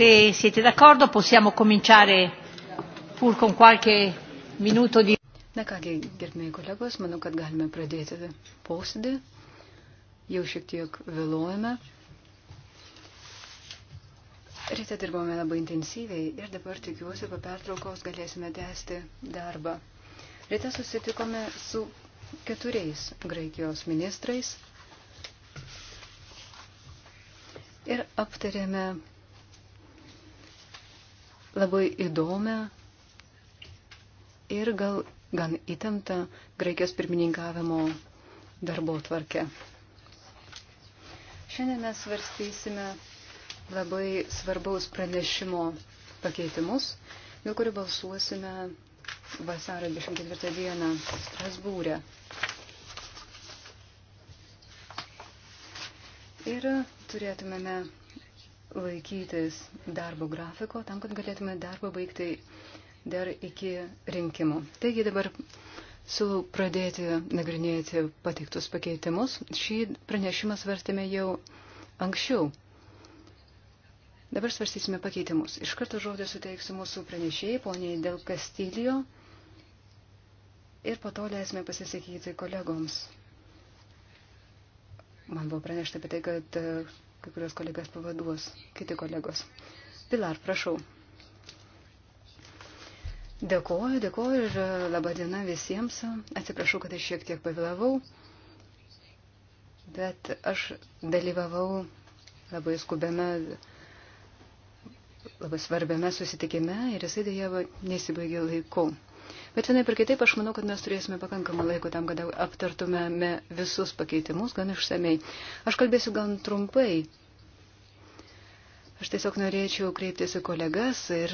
Se siete d'accordo possiamo cominciare pur con qualche minuto di. Na kągi, gerbėjai kolegos, manau, kad galime pradėti posėdį. Jau šiek tiek vėluojame. Ryte dirbome labai intensyviai ir dabar tikiuosi, po pertraukos galėsime tęsti darbą. Ryte susitikome su keturiais Graikijos ministrais ir aptarėme labai įdomią ir gal gan įtemptą Graikijos pirmininkavimo darbo tvarkę. Šiandien mes svarstysime labai svarbaus pranešimo pakeitimus, dėl kurių balsuosime vasario 24 dieną Strasbūrė. Ir turėtumėme laikytis darbo grafiko, tam, kad galėtume darbą baigti dar iki rinkimų. Taigi dabar siūlau pradėti nagrinėti pateiktus pakeitimus. Šį pranešimą svarstėme jau anksčiau. Dabar svarstysime pakeitimus. Iš karto žodį suteiksiu mūsų pranešėjai, poniai Del Castilio, ir po to leisime pasisakyti kolegoms. Man buvo pranešta apie tai, kad kai kurios kolegas pavaduos, kiti kolegos. Pilar, prašau. Dėkuoju, dėkuoju ir laba diena visiems. Atsiprašau, kad aš šiek tiek pavėlavau, bet aš dalyvavau labai skubiame, labai svarbiame susitikime ir jisai dėja nesibaigė laiku. Bet vienai per kitaip aš manau, kad mes turėsime pakankamą laiko tam, kad aptartumėme visus pakeitimus gan išsamei. Aš kalbėsiu gan trumpai, Aš tiesiog norėčiau kreiptis į kolegas ir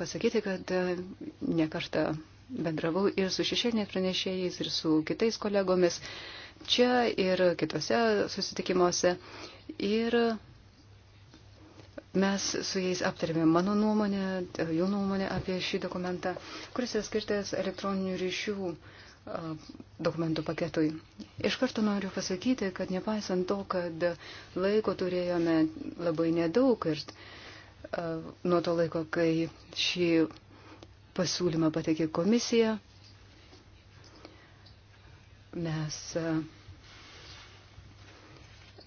pasakyti, kad e, nekartą bendravau ir su šešėliniais pranešėjais, ir su kitais kolegomis čia ir kitose susitikimuose. Ir mes su jais aptarėme mano nuomonę, e, jų nuomonę apie šį dokumentą, kuris yra skirtas elektroninių ryšių uh, dokumentų paketui. Iš karto noriu pasakyti, kad nepaisant to, kad laiko turėjome labai nedaug ir nuo to laiko, kai šį pasiūlymą patekė komisija, mes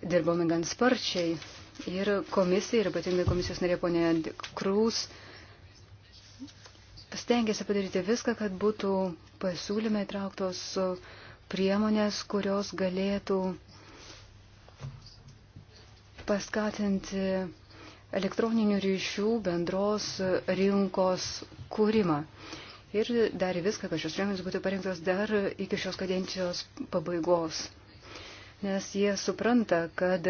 dirbome gan sparčiai ir komisija, ir ypatingai komisijos narė ponė Krūs, stengiasi padaryti viską, kad būtų pasiūlyme įtrauktos priemonės, kurios galėtų paskatinti elektroninių ryšių bendros rinkos kūrimą. Ir darė viską, kad šios priemonės būtų parinktos dar iki šios kadencijos pabaigos. Nes jie supranta, kad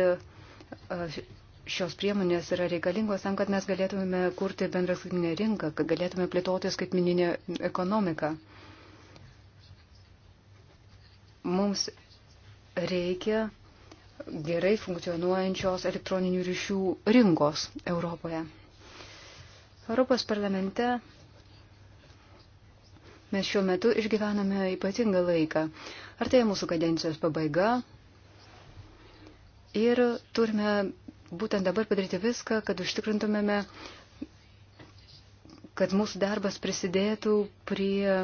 šios priemonės yra reikalingos tam, kad mes galėtume kurti bendrą skaitminę rinką, kad galėtume plėtoti skaitmininę ekonomiką. Mums reikia gerai funkcionuojančios elektroninių ryšių rinkos Europoje. Europos parlamente mes šiuo metu išgyvename ypatingą laiką. Ar tai mūsų kadencijos pabaiga? Ir turime būtent dabar padaryti viską, kad užtikrintumėme, kad mūsų darbas prisidėtų prie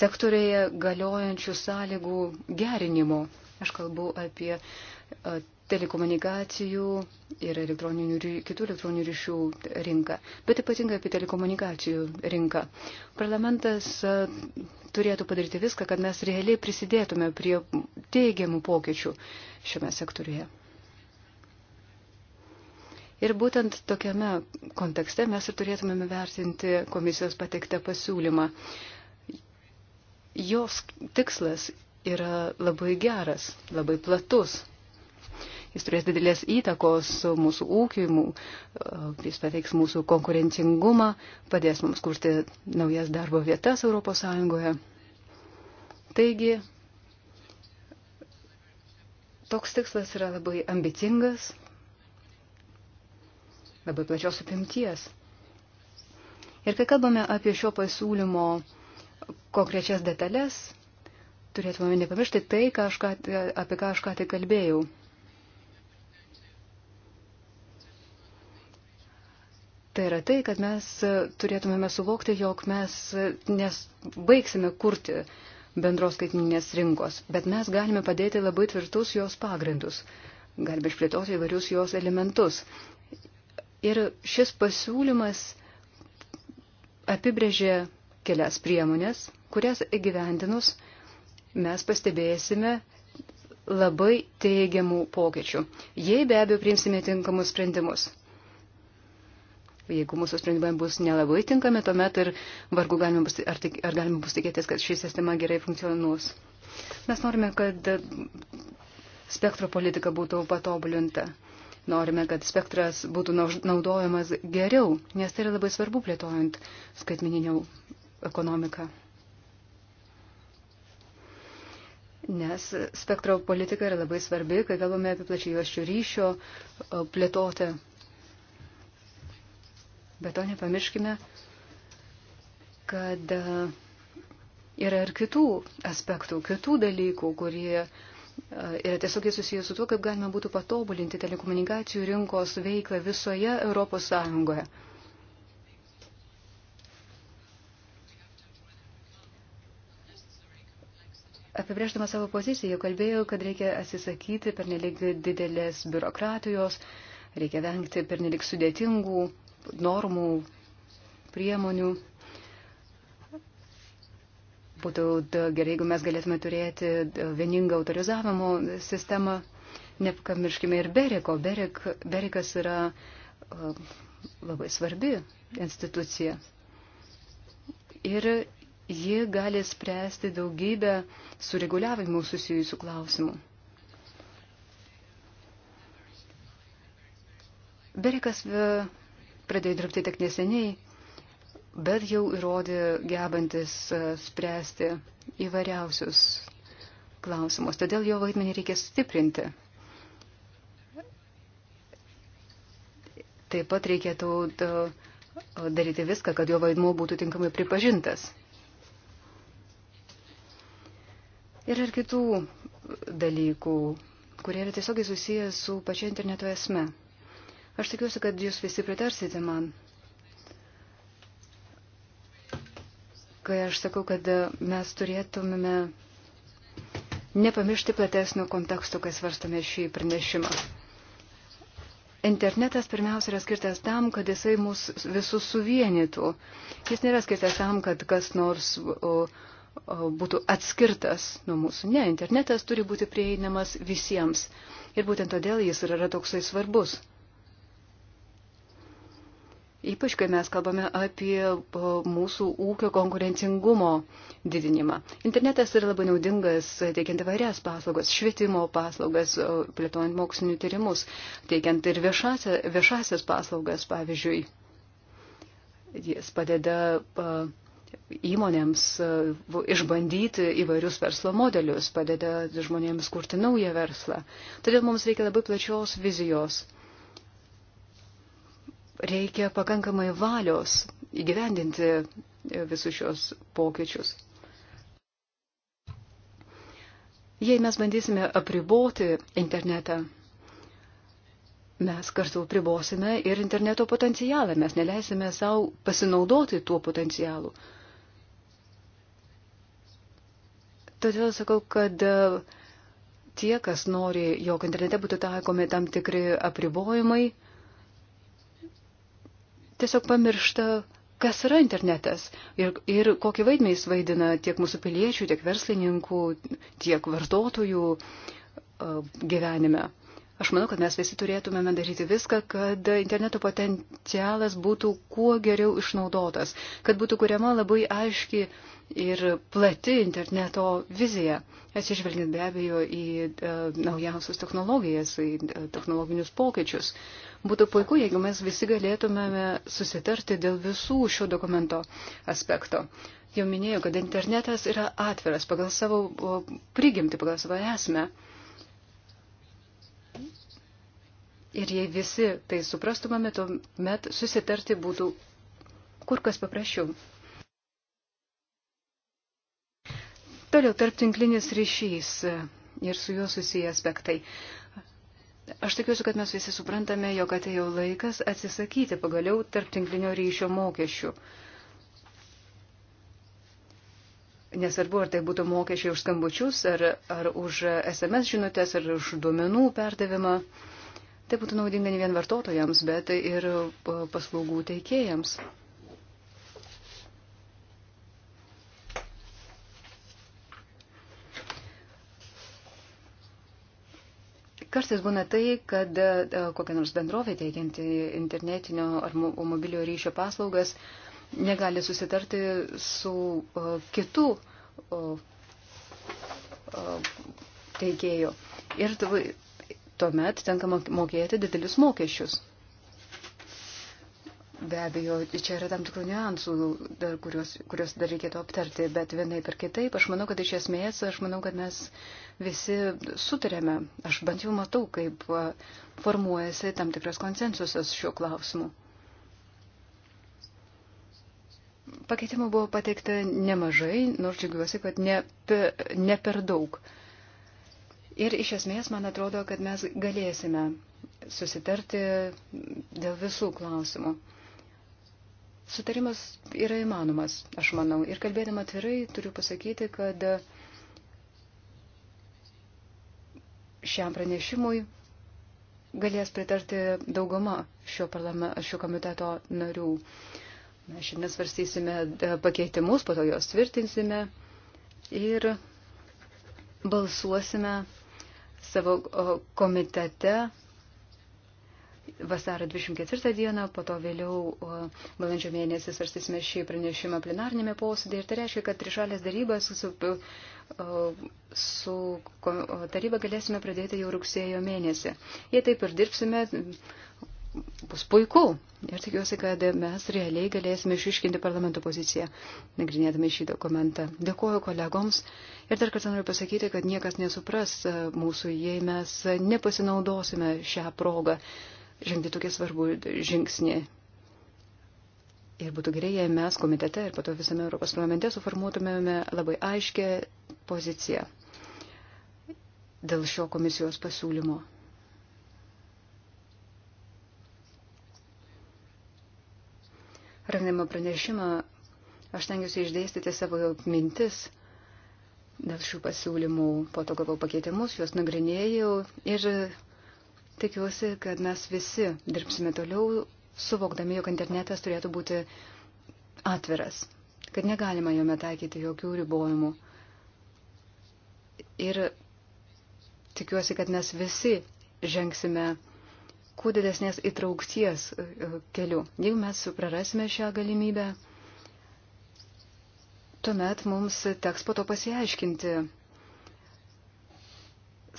sektorėje galiojančių sąlygų gerinimo. Aš kalbu apie telekomunikacijų ir elektroninių, kitų elektroninių ryšių rinką, bet ypatingai apie telekomunikacijų rinką. Parlamentas turėtų padaryti viską, kad mes realiai prisidėtume prie teigiamų pokyčių šiame sektoriuje. Ir būtent tokiame kontekste mes ir turėtumėme vertinti komisijos pateiktą pasiūlymą. Jos tikslas yra labai geras, labai platus. Jis turės didelės įtakos mūsų ūkiui, e, jis pateiks mūsų konkurencingumą, padės mums kurti naujas darbo vietas ES. Taigi, toks tikslas yra labai ambicingas, labai plačios apimties. Ir kai kalbame apie šio pasiūlymo konkrečias detalės, turėtume nepamiršti tai, ką aš ką, apie ką aš ką tik kalbėjau. Tai yra tai, kad mes turėtumėme suvokti, jog mes nesbaigsime kurti bendros skaitmininės rinkos, bet mes galime padėti labai tvirtus jos pagrindus, galime išplėtoti įvairius jos elementus. Ir šis pasiūlymas apibrėžė kelias priemonės, kurias įgyvendinus mes pastebėsime labai teigiamų pokyčių, jei be abejo priimsime tinkamus sprendimus. Jeigu mūsų sprendimai bus nelabai tinkami, tuomet ir vargu galima bus, ar, tik, ar galima bus tikėtis, kad ši sistema gerai funkcionuos. Mes norime, kad spektro politika būtų patobulinta. Norime, kad spektras būtų naudojamas geriau, nes tai yra labai svarbu plėtojant skaitmininiau ekonomiką. Nes spektro politika yra labai svarbi, kai kalbame apie plačiai juoščių ryšio plėtotę. Bet to nepamirškime, kad e, yra ir kitų aspektų, kitų dalykų, kurie uh, yra tiesiogiai susijęs su tuo, kaip galima būtų patobulinti telekomunikacijų rinkos veiklą visoje Europos Sąjungoje. Apibrėždama savo poziciją, kalbėjau, kad reikia atsisakyti pernelik didelės biurokratijos, reikia vengti pernelik sudėtingų normų, priemonių. Būtų gerai, jeigu mes galėtume turėti vieningą autorizavimo sistemą. Nepamirškime ir Beriko. Berik, Berikas yra labai svarbi institucija. Ir ji gali spręsti daugybę su reguliavimu susijusių klausimų. Berikas pradėjo dirbti tik neseniai bet jau įrodė gebantis e, spręsti įvairiausius klausimus. Todėl jo vaidmenį reikia stiprinti. Taip pat reikėtų daryti viską, kad jo vaidmuo būtų tinkamai pripažintas. Ir ir kitų dalykų, kurie yra tiesiogiai susijęs su pačia interneto esme. Aš tikiuosi, kad jūs visi pritarsite man. kai aš sakau, kad mes turėtumėme nepamiršti platesnio konteksto, kai svarstame šį pranešimą. Internetas pirmiausia yra skirtas tam, kad jisai mus visus suvienytų. Jis nėra skirtas tam, kad kas nors o, o, būtų atskirtas nuo mūsų. Ne, internetas turi būti prieinamas visiems. Ir būtent todėl jis yra, yra toksai svarbus. Ypač, kai mes kalbame apie mūsų ūkio konkurencingumo didinimą. Internetas yra labai naudingas teikiant įvairias paslaugas, švietimo paslaugas, plėtojant mokslinių tyrimus, teikiant ir viešasias, viešasias paslaugas, pavyzdžiui. Jis padeda įmonėms išbandyti įvairius verslo modelius, padeda žmonėms kurti naują verslą. Todėl mums reikia labai plačios vizijos reikia pakankamai valios įgyvendinti visus šios pokyčius. Jei mes bandysime apriboti internetą, mes kartu pribosime ir interneto potencialą, mes neleisime savo pasinaudoti tuo potencialu. Todėl sakau, kad e, tie, kas nori, jog internete būtų taikomi tam tikri apribojimai, tiesiog pamiršta, kas yra internetas ir, ir kokį vaidmenį jis vaidina tiek mūsų piliečių, tiek verslininkų, tiek vartotojų gyvenime. Aš manau, kad mes visi turėtumėme daryti viską, kad interneto potencialas būtų kuo geriau išnaudotas, kad būtų kuriama labai aiški ir plati interneto vizija, atsižvelgiant be abejo į e, naujausias technologijas, į e, technologinius pokyčius. Būtų puiku, jeigu mes visi galėtumėme susitarti dėl visų šio dokumento aspekto. Jau minėjau, kad internetas yra atviras pagal savo prigimti, pagal savo esmę. Ir jei visi tai suprastumėme, tuomet susitarti būtų kur kas paprasčiau. Toliau tarptinklinis ryšys ir su juo susiję aspektai. Aš tikiuosi, kad mes visi suprantame, jog atėjo laikas atsisakyti pagaliau tarptinklinio ryšio mokesčių. Nesvarbu, ar tai būtų mokesčiai už skambučius, ar, ar už SMS žinutės, ar už duomenų perdavimą. Tai būtų naudinga ne vien vartotojams, bet ir e, paslaugų teikėjams. Kartais būna tai, kad e, e, kokia nors bendrovė teikianti internetinio ar mobilio ryšio paslaugas negali susitarti su e, kitu teikėju. Ir tuomet tenka mokėti didelius mokesčius. Be abejo, čia yra tam tikrų niuansų, dar, kurios, kurios dar reikėtų aptarti, bet vienai per kitaip, aš manau, kad iš esmės, aš manau, kad mes visi sutarėme, aš bent jau matau, kaip formuojasi tam tikras konsensusas šiuo klausimu. Pakeitimų buvo pateikta nemažai, nors džiugiuosi, kad ne, ne per daug. Ir iš esmės, man atrodo, kad mes galėsime susitarti dėl visų klausimų sutarimas yra įmanomas, aš manau. Ir kalbėdama atvirai turiu pasakyti, kad šiam pranešimui galės pritarti dauguma šio, šio komiteto narių. Mes šiandien svarstysime e, pakeitimus, po to juos tvirtinsime ir balsuosime savo komitete vasaro 24 dieną, po to vėliau balandžio mėnesį svarstysime šį pranešimą plenarnėme posėdėje ir tai reiškia, kad trišalės darybas su, su taryba galėsime pradėti jau rugsėjo mėnesį. Jei taip ir dirbsime, bus puiku ir tikiuosi, kad mes realiai galėsime išiškinti parlamento poziciją, nagrinėdami šį dokumentą. Dėkuoju kolegoms ir dar kartą noriu pasakyti, kad niekas nesupras mūsų, jei mes nepasinaudosime šią progą žengti tokį svarbų žingsnį. Ir būtų gerai, jei mes komitete ir pato visame Europos parlamente suformuotumėme labai aiškę poziciją dėl šio komisijos pasiūlymo. Rengdama pranešimą, aš tengiuosi išdėstyti savo mintis dėl šių pasiūlymų, po to gavau pakeitimus, juos nagrinėjau ir Tikiuosi, kad mes visi dirbsime toliau, suvokdami, jog internetas turėtų būti atviras, kad negalima jame taikyti jokių ribojimų. Ir tikiuosi, kad mes visi žengsime kuo didesnės įtraukties e, keliu. Jeigu mes prarasime šią galimybę, tuomet mums teks po to pasiaiškinti,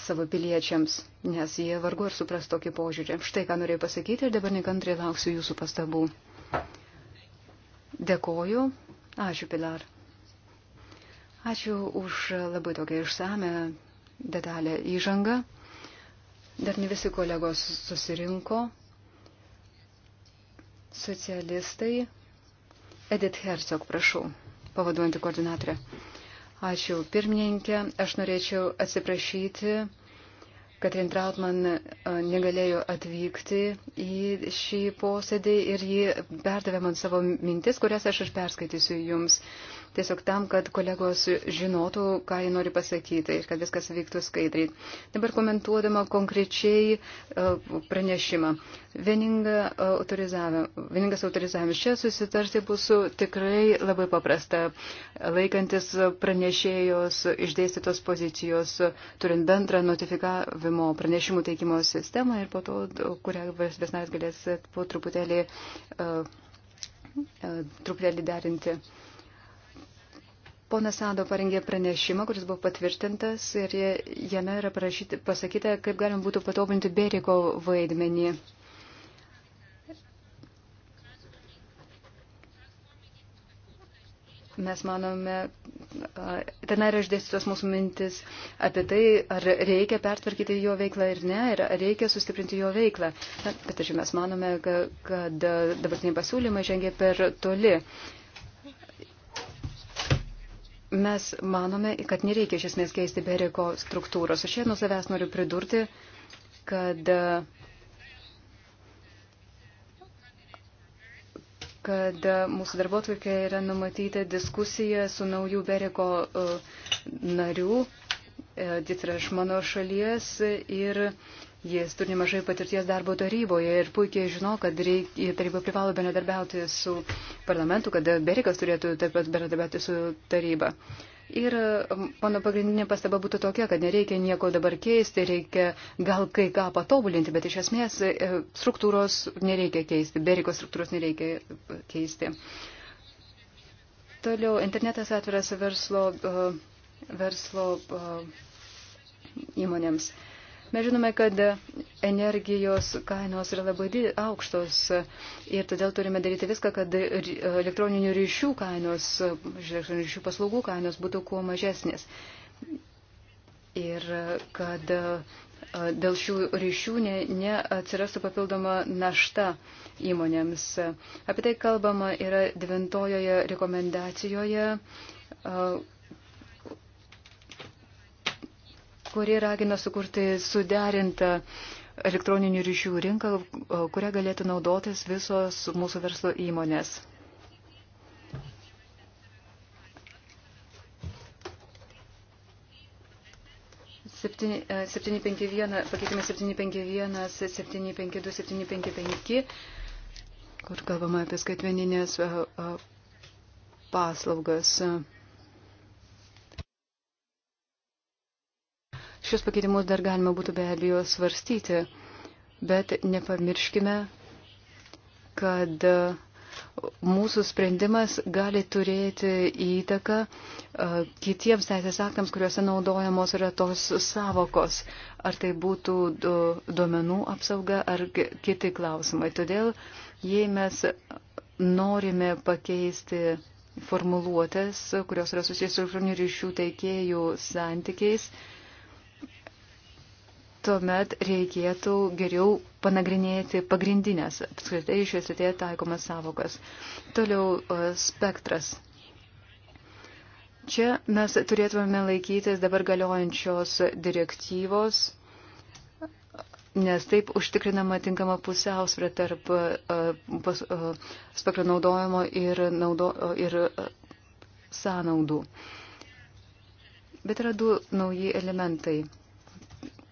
savo piliečiams, nes jie vargu ar supras tokį požiūrį. Štai ką norėjau pasakyti ir dabar nekantriai lauksiu jūsų pastabų. Dėkoju. Ačiū, Pilar. Ačiū už labai tokią išsame detalę įžangą. Dar ne visi kolegos susirinko. Socialistai. Edith Herzog, prašau, pavaduojantį koordinatorę. Ačiū pirmininkė. Aš norėčiau atsiprašyti, kad Rintrautman e, negalėjo atvykti į šį posėdį ir ji perdavė man savo mintis, kurias aš aš perskaitysiu jums tiesiog tam, kad kolegos žinotų, ką jie nori pasakyti ir kad viskas vyktų skaidriai. Dabar komentuodama konkrečiai e, pranešimą. Vieninga e, autorizavim, vieningas autorizavimas. Čia susitarti bus tikrai labai paprasta, laikantis pranešėjos išdėstytos pozicijos, turint bendrą notifikavimo pranešimų teikimo sistemą ir po to, kurią valstybės narės galės po truputėlį, uh, uh, truputėlį derinti. Uh, Ponas Sado parengė pranešimą, kuris buvo patvirtintas ir jame yra parašyti, pasakyta, kaip galim būtų patobulinti Beriko vaidmenį. mes manome, ten yra išdėstytos mūsų mintis apie tai, ar reikia pertvarkyti jo veiklą ir ne, ir ar reikia sustiprinti jo veiklą. Na, bet tačiau mes manome, kad, kad dabartiniai pasiūlymai žengia per toli mes manome, kad nereikia iš esmės keisti Beriko struktūros. Aš čia nuo savęs noriu pridurti, kad, kad mūsų darbotvarkė yra numatyta diskusija su naujų Beriko e, narių, jis e, yra iš mano šalies ir Jis turi nemažai patirties darbo taryboje ir puikiai žino, kad reikia, taryba privalo bendradarbiauti su parlamentu, kad Berikas turėtų taip pat bendradarbiauti su taryba. Ir mano pagrindinė pastaba būtų tokia, kad nereikia nieko dabar keisti, reikia gal kai ką patobulinti, bet iš esmės e, struktūros nereikia keisti, Beriko struktūros nereikia e, keisti. Toliau, internetas atviras verslo, e, verslo įmonėms. Uh, Mes žinome, kad energijos kainos yra labai aukštos ir todėl turime daryti viską, kad elektroninių ryšių kainos, elektroninių ryšių paslaugų kainos būtų kuo mažesnės. Ir kad e, dėl šių ryšių ne, neatsirastų papildoma našta įmonėms. Apie tai kalbama yra devintojoje rekomendacijoje e, kuri ragina sukurti suderintą elektroninių ryšių rinką, kurią galėtų naudotis visos mūsų verslo įmonės. pakeitimai 751, 752, 755, kur kalbama apie skaitmeninės e, e, paslaugas. Šios pakeitimus dar galima būtų be abejo svarstyti, bet nepamirškime, kad mūsų sprendimas gali turėti įtaką kitiems teisės aktams, kuriuose naudojamos yra tos savokos, ar tai būtų duomenų apsauga ar kiti klausimai. Todėl, jei mes norime pakeisti formuluotės, kurios yra susijęs su žmonių ryšių teikėjų santykiais, uh, tuomet reikėtų geriau panagrinėti pagrindinės apskritai šioje srityje taikomas savokas. Toliau e, spektras. Čia mes turėtume laikytis dabar galiojančios direktyvos, nes taip užtikrinama tinkama pusiausvė tarp e, e, spektro naudojimo ir, naudo, ir sąnaudų. Bet yra du nauji elementai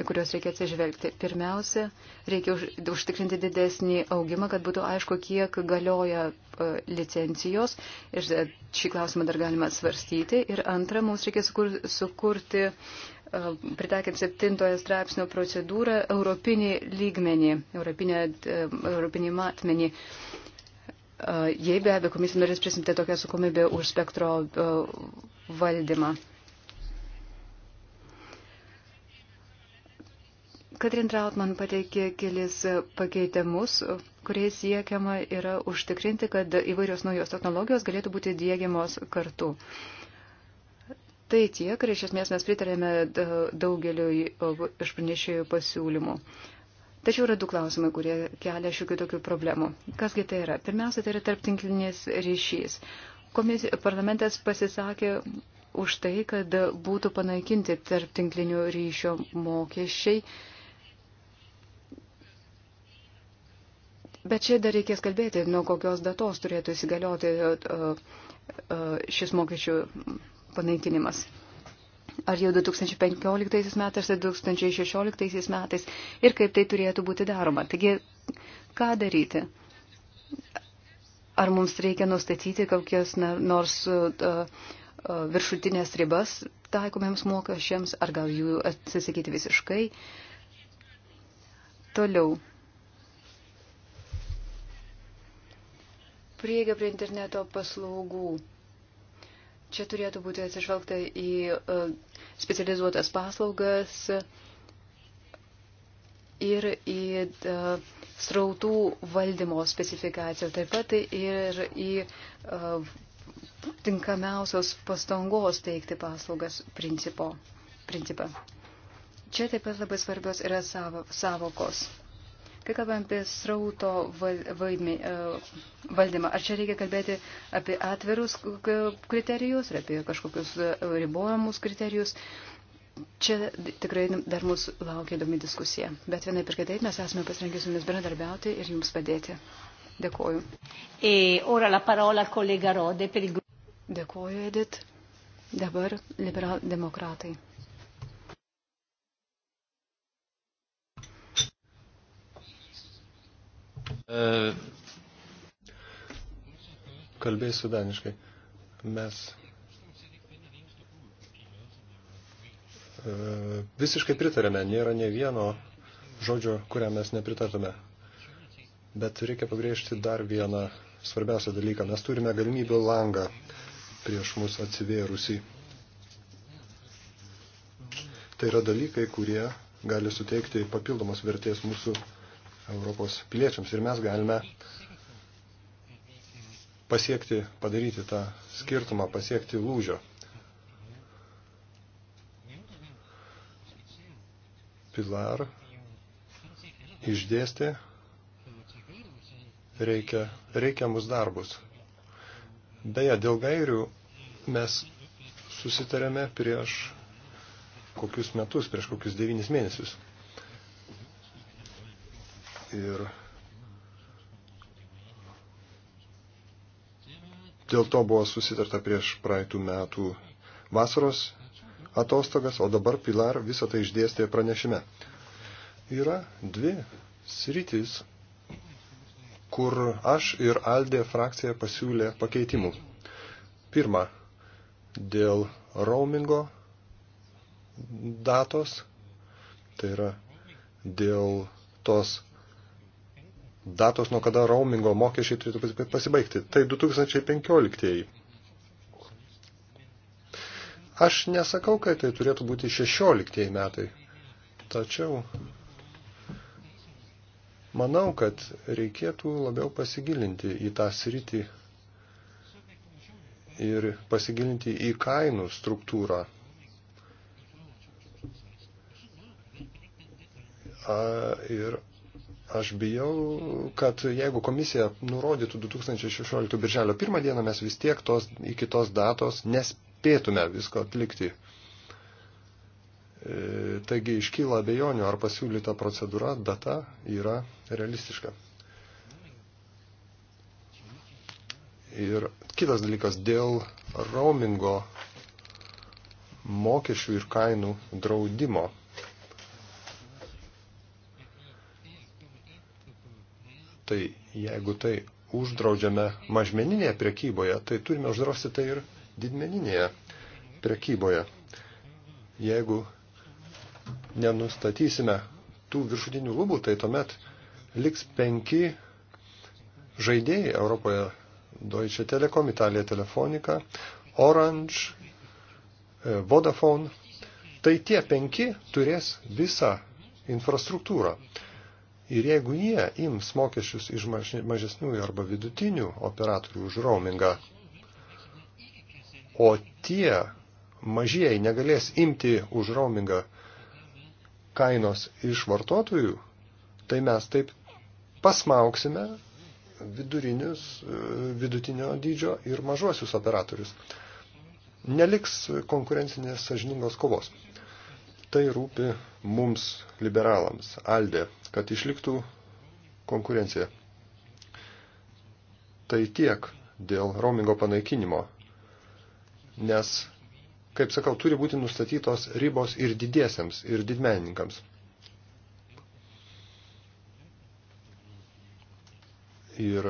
į kuriuos reikia atsižvelgti. Pirmiausia, reikia užtikrinti didesnį augimą, kad būtų aišku, kiek galioja e, licencijos. Ir šį klausimą dar galima svarstyti. Ir antra, mums reikia sukurti, sukurti e, pritaikant septintojo straipsnio procedūrą, europinį lygmenį, europinę, e, europinį matmenį. Jei be abejo komisija norės prisimti tokią sukomybę už spektro valdymą. Katrin Trautman pateikė kelis pakeitimus, kuriais siekiama yra užtikrinti, kad įvairios naujos technologijos galėtų būti dėgiamos kartu. Tai tiek ir iš esmės mes pritarėme daugeliu iš pranešėjų pasiūlymų. Tačiau yra du klausimai, kurie kelia šiokių tokių problemų. Kasgi tai yra? Pirmiausia, tai yra tarptinklinis ryšys. Komis, parlamentas pasisakė už tai, kad būtų panaikinti tarptinklinio ryšio mokesčiai Bet čia dar reikės kalbėti, nuo kokios datos turėtų įsigalioti e, e, šis mokesčių panaikinimas. Ar jau 2015 metais, ar 2016 metais ir kaip tai turėtų būti daroma. Taigi, ką daryti? Ar mums reikia nustatyti kokias nors e, viršutinės ribas taikomiems mokesčiams, ar gal jų atsisakyti visiškai? Toliau prieiga prie interneto paslaugų. Čia turėtų būti atsižvelgta į e, specializuotas paslaugas ir į e, srautų valdymo specifikaciją, taip pat ir į e, tinkamiausios pastangos teikti paslaugas principo, principą. Čia taip pat labai svarbios yra savokos. Savo Kai kalbame apie srauto vaidmį, e, valdymą, ar čia reikia kalbėti apie atvirus kriterijus, ar apie kažkokius e, ribojamus kriterijus, čia tikrai dar mūsų laukia įdomi diskusija. Bet vienai per kitaip mes esame pasirengę su jumis bendradarbiauti ir jums padėti. Dėkoju. E, Dėkoju, Edit. Dabar liberal demokratai. E, kalbėsiu daniškai. Mes e, visiškai pritarėme, nėra ne vieno žodžio, kuriam mes nepritartume. Bet reikia pabrėžti dar vieną svarbiausią dalyką. Mes turime galimybių langą prieš mus atsivėrusi. Tai yra dalykai, kurie gali suteikti papildomos vertės mūsų Europos piliečiams. Ir mes galime pasiekti, padaryti tą skirtumą, pasiekti lūžio. Pilar išdėstė reikia, reikiamus darbus. Deja, dėl gairių mes susitarėme prieš kokius metus, prieš kokius devynis mėnesius ir dėl to buvo susitarta prieš praeitų metų vasaros atostogas, o dabar Pilar visą tai išdėstė pranešime. Yra dvi sritis, kur aš ir Aldė frakcija pasiūlė pakeitimų. Pirma, dėl roamingo datos, tai yra dėl tos datos, nuo kada roamingo mokesčiai turėtų pasibaigti. Tai 2015. Aš nesakau, kad tai turėtų būti 16 metai. Tačiau manau, kad reikėtų labiau pasigilinti į tą sritį ir pasigilinti į kainų struktūrą. A, ir Aš bijau, kad jeigu komisija nurodytų 2016 birželio pirmą dieną, mes vis tiek tos, iki tos datos nespėtume visko atlikti. E, taigi iškyla abejonių, ar pasiūlyta procedūra, data yra realistiška. Ir kitas dalykas dėl roamingo mokesčių ir kainų draudimo. Tai jeigu tai uždraudžiame mažmeninėje prekyboje, tai turime uždrausti tai ir didmeninėje prekyboje. Jeigu nenustatysime tų viršutinių lubų, tai tuomet liks penki žaidėjai Europoje. Deutsche Telekom, Italija Telefonika, Orange, e, Vodafone. Tai tie penki turės visą infrastruktūrą. Ir jeigu jie ims mokesčius iš mažesnių arba vidutinių operatorių už roamingą, o tie mažieji negalės imti už roamingą kainos iš vartotojų, tai mes taip pasmauksime vidurinius, vidutinio dydžio ir mažuosius operatorius. Neliks konkurencinės sažiningos kovos. Tai rūpi mums, liberalams, Aldė, kad išliktų konkurencija. Tai tiek dėl roamingo panaikinimo, nes, kaip sakau, turi būti nustatytos ribos ir didiesiams, ir didmenininkams. Ir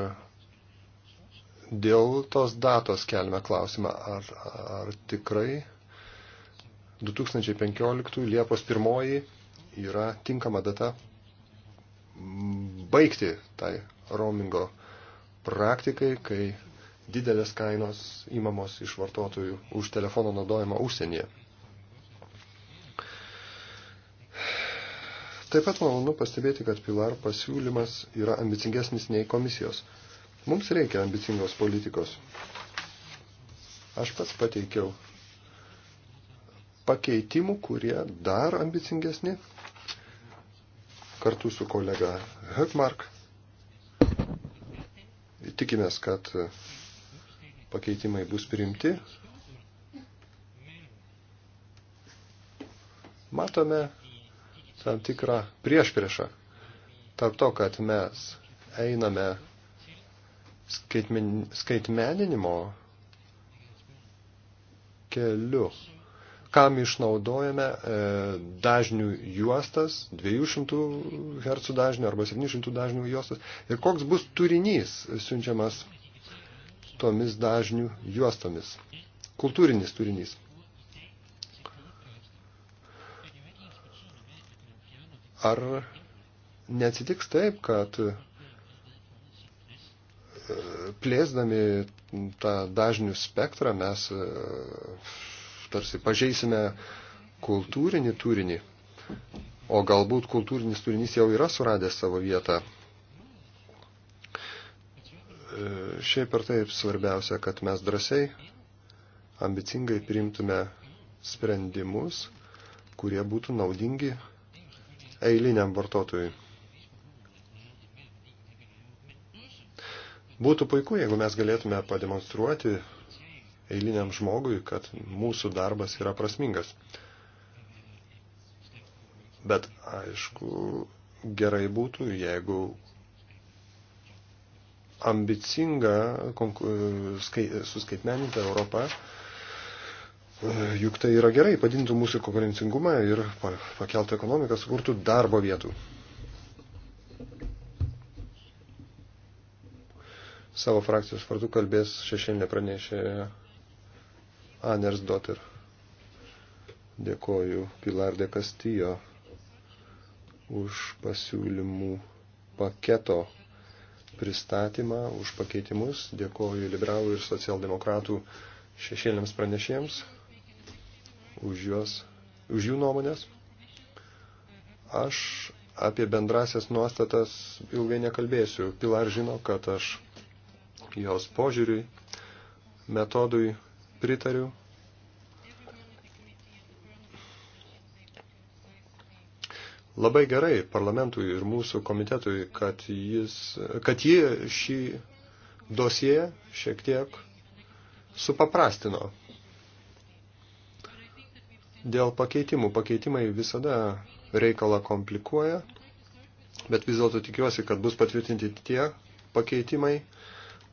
dėl tos datos kelime klausimą, ar, ar tikrai 2015 Liepos 1 yra tinkama data baigti tai roamingo praktikai, kai didelės kainos įmamos iš vartotojų už telefono naudojimą užsienyje. Taip pat malonu pastebėti, kad Pilar pasiūlymas yra ambicingesnis nei komisijos. Mums reikia ambicingos politikos. Aš pats pateikiau pakeitimų, kurie dar ambicingesni. Kartu su kolega Hökmark tikimės, kad pakeitimai bus priimti. Matome tam tikrą priešpriešą tarp to, kad mes einame skaitmen, skaitmeninimo keliu kam išnaudojame e, dažnių juostas, 200 Hz dažnių arba 700 dažnių juostas ir koks bus turinys siunčiamas tomis dažnių juostomis. Kultūrinis turinys. Ar neatsitiks taip, kad e, plėsdami tą dažnių spektrą mes e, tarsi pažeisime kultūrinį turinį, o galbūt kultūrinis turinys jau yra suradęs savo vietą. E, šiaip ir taip svarbiausia, kad mes drąsiai, ambicingai priimtume sprendimus, kurie būtų naudingi eiliniam vartotojui. Būtų puiku, jeigu mes galėtume pademonstruoti eiliniam žmogui, kad mūsų darbas yra prasmingas. Bet aišku, gerai būtų, jeigu ambicinga, suskaitmeninta Europa, juk tai yra gerai, padintų mūsų konkurencingumą ir pakeltų ekonomiką, sukurtų darbo vietų. Savo frakcijos vardu kalbės šešėlinė pranešė Anersdotter. Dėkoju Pilar de Castillo už pasiūlymų paketo pristatymą, už pakeitimus. Dėkoju liberalų ir socialdemokratų šešėliams pranešėjams už, juos, už jų nuomonės. Aš apie bendrasias nuostatas ilgai nekalbėsiu. Pilar žino, kad aš jos požiūriui, metodui pritariu. Labai gerai parlamentui ir mūsų komitetui, kad, jis, kad jie šį dosiją šiek tiek supaprastino. Dėl pakeitimų. Pakeitimai visada reikalą komplikuoja, bet vis dėlto tikiuosi, kad bus patvirtinti tie pakeitimai,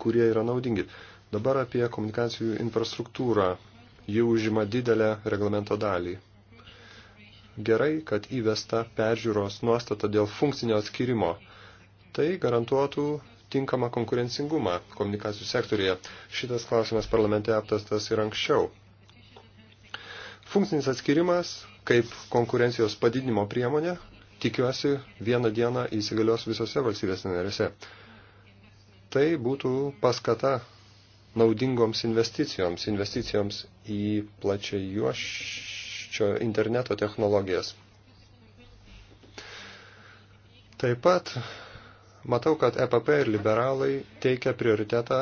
kurie yra naudingi. Dabar apie komunikacijų infrastruktūrą. Ji užima didelę reglamento dalį. Gerai, kad įvesta peržiūros nuostata dėl funkcinio atskirimo. Tai garantuotų tinkamą konkurencingumą komunikacijų sektorėje. Šitas klausimas parlamente aptastas ir anksčiau. Funkcinis atskirimas kaip konkurencijos padidinimo priemonė tikiuosi vieną dieną įsigalios visose valstybės narėse. Tai būtų paskata naudingoms investicijoms, investicijoms į plačiai juoščio interneto technologijas. Taip pat matau, kad EPP ir liberalai teikia prioritetą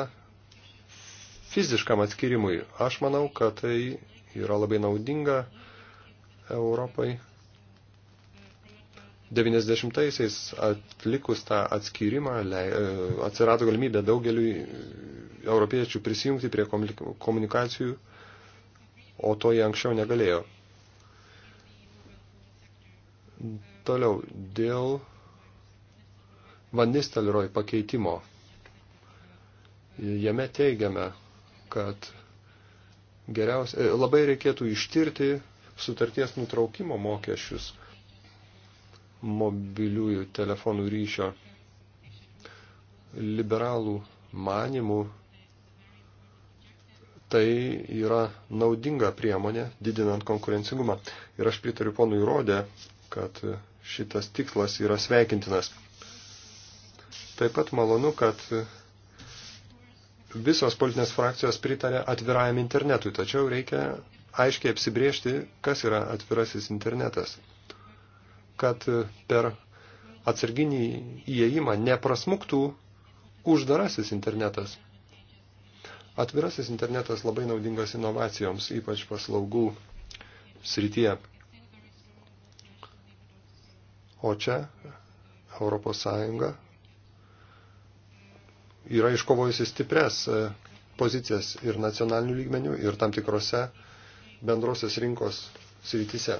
fiziškam atskirimui. Aš manau, kad tai yra labai naudinga Europai 90-aisiais atlikus tą atskirimą e, atsirado galimybė daugeliui e, europiečių prisijungti prie komunikacijų, o to jie anksčiau negalėjo. Toliau, dėl Van Nistelrooy pakeitimo. Jame teigiame, kad geriausia, e, labai reikėtų ištirti sutarties nutraukimo mokesčius – mobiliųjų telefonų ryšio. Liberalų manimų tai yra naudinga priemonė didinant konkurencingumą. Ir aš pritariu ponui Rodė, kad šitas tikslas yra sveikintinas. Taip pat malonu, kad visos politinės frakcijos pritarė atvirajam internetui, tačiau reikia aiškiai apsibriežti, kas yra atvirasis internetas kad e, per atsarginį įėjimą neprasmuktų uždarasis internetas. Atvirasis internetas labai naudingas inovacijoms, ypač paslaugų srityje. O čia Europos Sąjunga yra iškovojusi stipres e, pozicijas ir nacionalinių lygmenių, ir tam tikrose bendrosios rinkos srityse.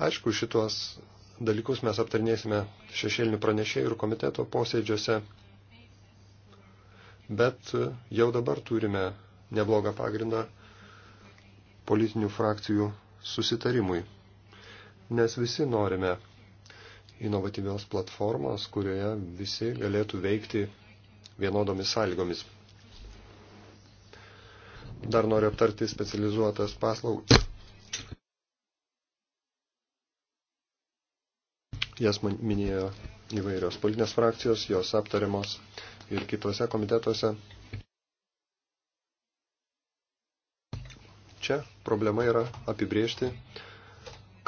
Aišku, šitos dalykus mes aptarnėsime šešėlinių pranešėjų ir komiteto posėdžiuose, bet jau dabar turime neblogą pagrindą politinių frakcijų susitarimui, nes visi norime inovatyvios platformos, kurioje visi galėtų veikti vienodomis sąlygomis. Dar noriu aptarti specializuotas paslaugas Jas minėjo įvairios politinės frakcijos, jos aptariamos ir kitose komitetuose. Čia problema yra apibriežti,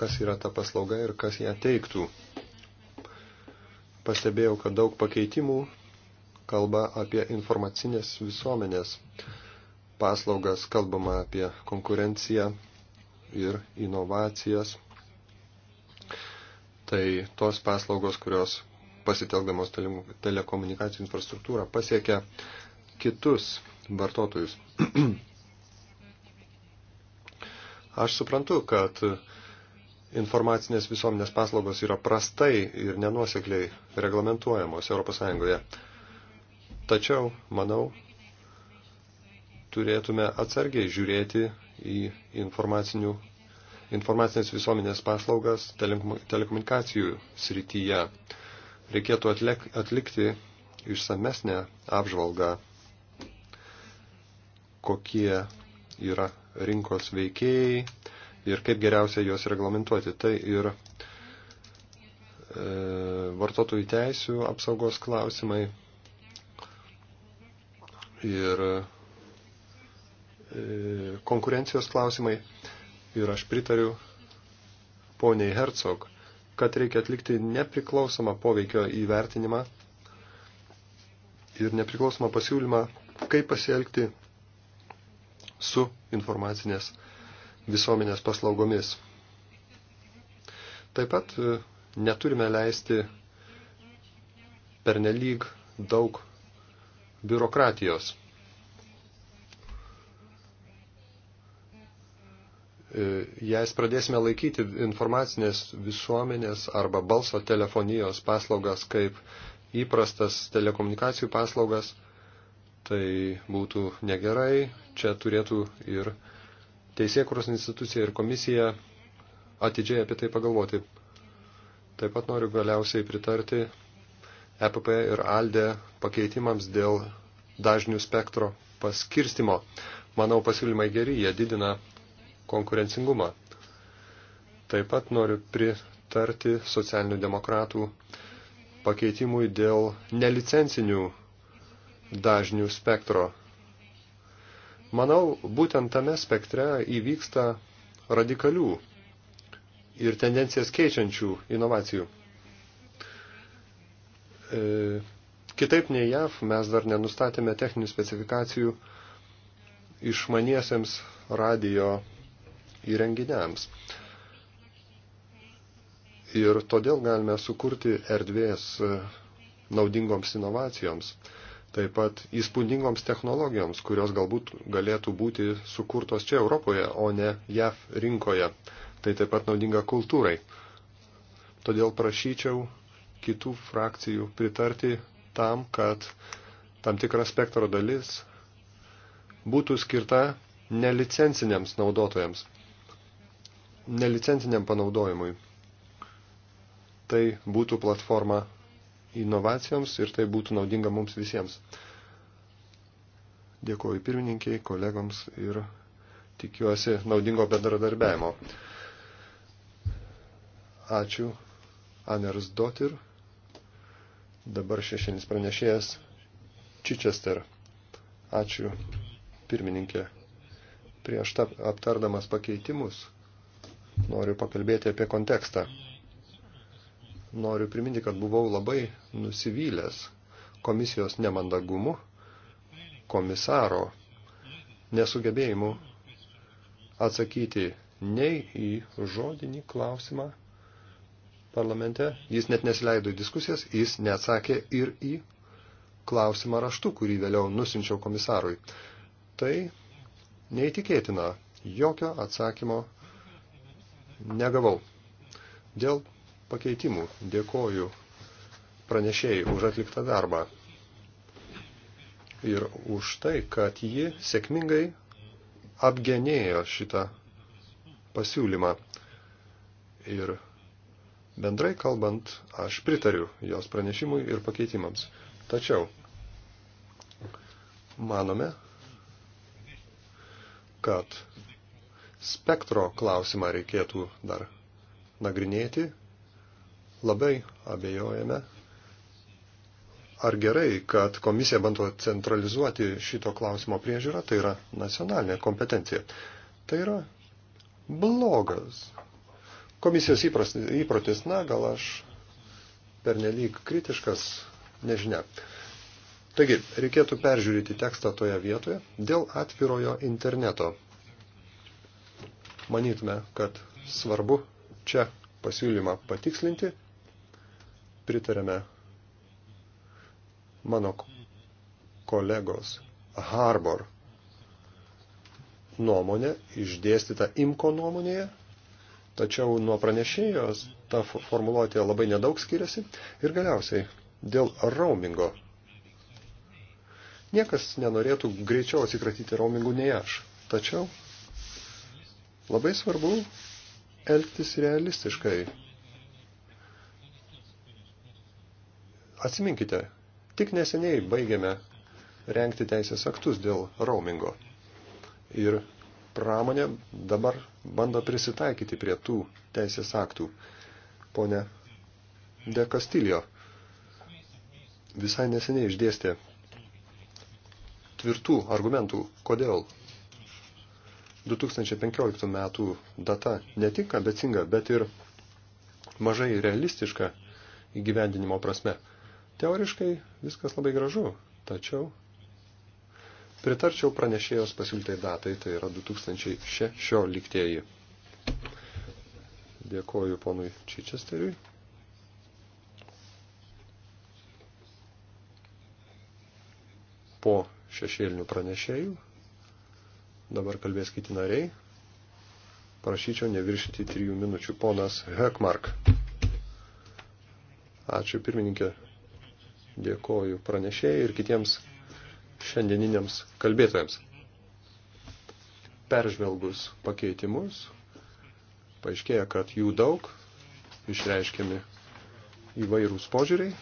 kas yra ta paslauga ir kas ją teiktų. Pastebėjau, kad daug pakeitimų kalba apie informacinės visuomenės paslaugas, kalbama apie konkurenciją ir inovacijas, tai tos paslaugos, kurios pasitelkdamos telekomunikacijų infrastruktūrą pasiekia kitus vartotojus. Aš suprantu, kad informacinės visuomenės paslaugos yra prastai ir nenuosekliai reglamentuojamos ES. Tačiau, manau, turėtume atsargiai žiūrėti į informacinių informacinės visuomenės paslaugas telekomunikacijų srityje. Reikėtų atlek, atlikti išsamesnę apžvalgą, kokie yra rinkos veikėjai ir kaip geriausia juos reglamentuoti. Tai ir e, vartotojų teisių apsaugos klausimai ir e, konkurencijos klausimai. E, ir aš pritariu poniai Hercog, kad reikia atlikti nepriklausomą poveikio įvertinimą ir nepriklausomą pasiūlymą, kaip pasielgti su informacinės visuomenės paslaugomis. Taip pat e, neturime leisti pernelyg daug biurokratijos. E, jas pradėsime laikyti informacinės visuomenės arba balso telefonijos paslaugas kaip įprastas telekomunikacijų paslaugas, tai būtų negerai. Čia turėtų ir Teisėkuros institucija ir komisija atidžiai apie tai pagalvoti. Taip pat noriu galiausiai pritarti EPP ir ALDE pakeitimams dėl dažnių spektro paskirstimo. Manau, pasiūlymai geri, jie didina konkurencingumą. Taip pat noriu pritarti socialinių demokratų pakeitimui dėl nelicencinių dažnių spektro. Manau, būtent tame spektre įvyksta radikalių ir tendencijas keičiančių inovacijų. E, kitaip nei JAV mes dar nenustatėme techninių specifikacijų išmaniesiems radio įrenginiams. Ir todėl galime sukurti erdvės e, naudingoms inovacijoms, taip pat įspūdingoms technologijoms, kurios galbūt galėtų būti sukurtos čia Europoje, o ne JAV rinkoje. Tai taip pat naudinga kultūrai. Todėl prašyčiau kitų frakcijų pritarti tam, kad tam tikra spektro dalis būtų skirta nelicenciniams naudotojams nelicentiniam panaudojimui. Tai būtų platforma inovacijoms ir tai būtų naudinga mums visiems. Dėkuoju pirmininkiai, kolegoms ir tikiuosi naudingo bendradarbiavimo. Ačiū Aners Dotir, dabar šešienis pranešėjas Chichester. Ačiū pirmininkė. Prieš aptardamas pakeitimus Noriu pakalbėti apie kontekstą. Noriu priminti, kad buvau labai nusivylęs komisijos nemandagumu, komisaro nesugebėjimu atsakyti nei į žodinį klausimą parlamente, jis net nesileido į diskusijas, jis neatsakė ir į klausimą raštu, kurį vėliau nusinčiau komisarui. Tai neįtikėtina, jokio atsakymo negavau. Dėl pakeitimų dėkoju pranešėjai už atliktą darbą ir už tai, kad ji sėkmingai apgenėjo šitą pasiūlymą. Ir bendrai kalbant, aš pritariu jos pranešimui ir pakeitimams. Tačiau manome, kad Spektro klausimą reikėtų dar nagrinėti. Labai abejojame. Ar gerai, kad komisija bando centralizuoti šito klausimo priežiūrą, tai yra nacionalinė kompetencija. Tai yra blogas. Komisijos įpras, įprotis, na, gal aš pernelyg kritiškas, nežinia. Taigi, reikėtų peržiūrėti tekstą toje vietoje dėl atvirojo interneto manytume, kad svarbu čia pasiūlymą patikslinti. Pritarėme mano kolegos Harbor nuomonę, išdėstytą imko nuomonėje, tačiau nuo pranešėjos ta formuluotė labai nedaug skiriasi ir galiausiai dėl roamingo. Niekas nenorėtų greičiau atsikratyti roamingų nei aš, tačiau Labai svarbu elgtis realistiškai. Atsiminkite, tik neseniai baigėme renkti teisės aktus dėl roamingo. Ir pramonė dabar bando prisitaikyti prie tų teisės aktų. Pone De Castillo visai neseniai išdėstė tvirtų argumentų, kodėl 2015 metų data ne tik ambicinga, bet ir mažai realistiška įgyvendinimo prasme. Teoriškai viskas labai gražu, tačiau pritarčiau pranešėjos pasiūlytai datai, tai yra 2016. Dėkoju ponui Čičesteriui. Po šešėlinių pranešėjų Dabar kalbės kiti nariai. Prašyčiau neviršyti trijų minučių. Ponas Hekmark. Ačiū pirmininkė. Dėkoju pranešėjai ir kitiems šiandieniniams kalbėtojams. Peržvelgus pakeitimus, paaiškėja, kad jų daug, išreiškiami įvairūs požiūriai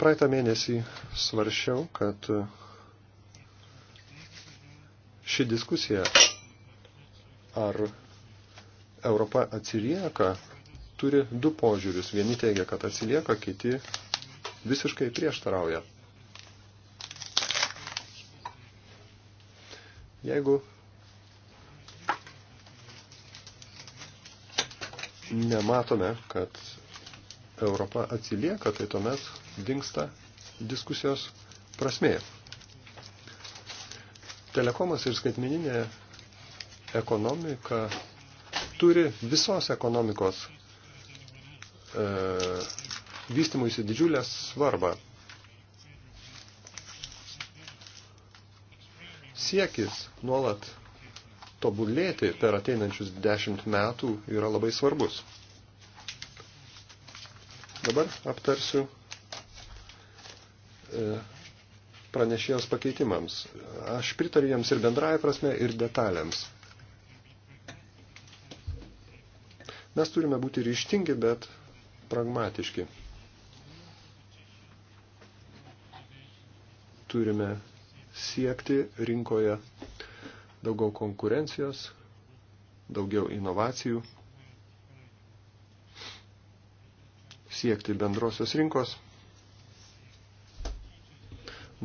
Praeitą mėnesį svaršiau, kad e, ši diskusija, ar Europa atsilieka, turi du požiūrius. Vieni teigia, kad atsilieka, kiti visiškai prieštarauja. Jeigu nematome, kad Europa atsilieka, tai tuomet dinksta diskusijos prasmė. Telekomas ir skaitmeninė ekonomika turi visos ekonomikos e, vystimuisi didžiulę svarbą. Siekis nuolat tobulėti per ateinančius dešimt metų yra labai svarbus. Dabar aptarsiu e, pranešėjos pakeitimams. Aš pritariu jiems ir bendrąją prasme, ir detalėms. Mes turime būti ryštingi, bet pragmatiški. Turime siekti rinkoje daugiau konkurencijos, daugiau inovacijų siekti bendrosios rinkos.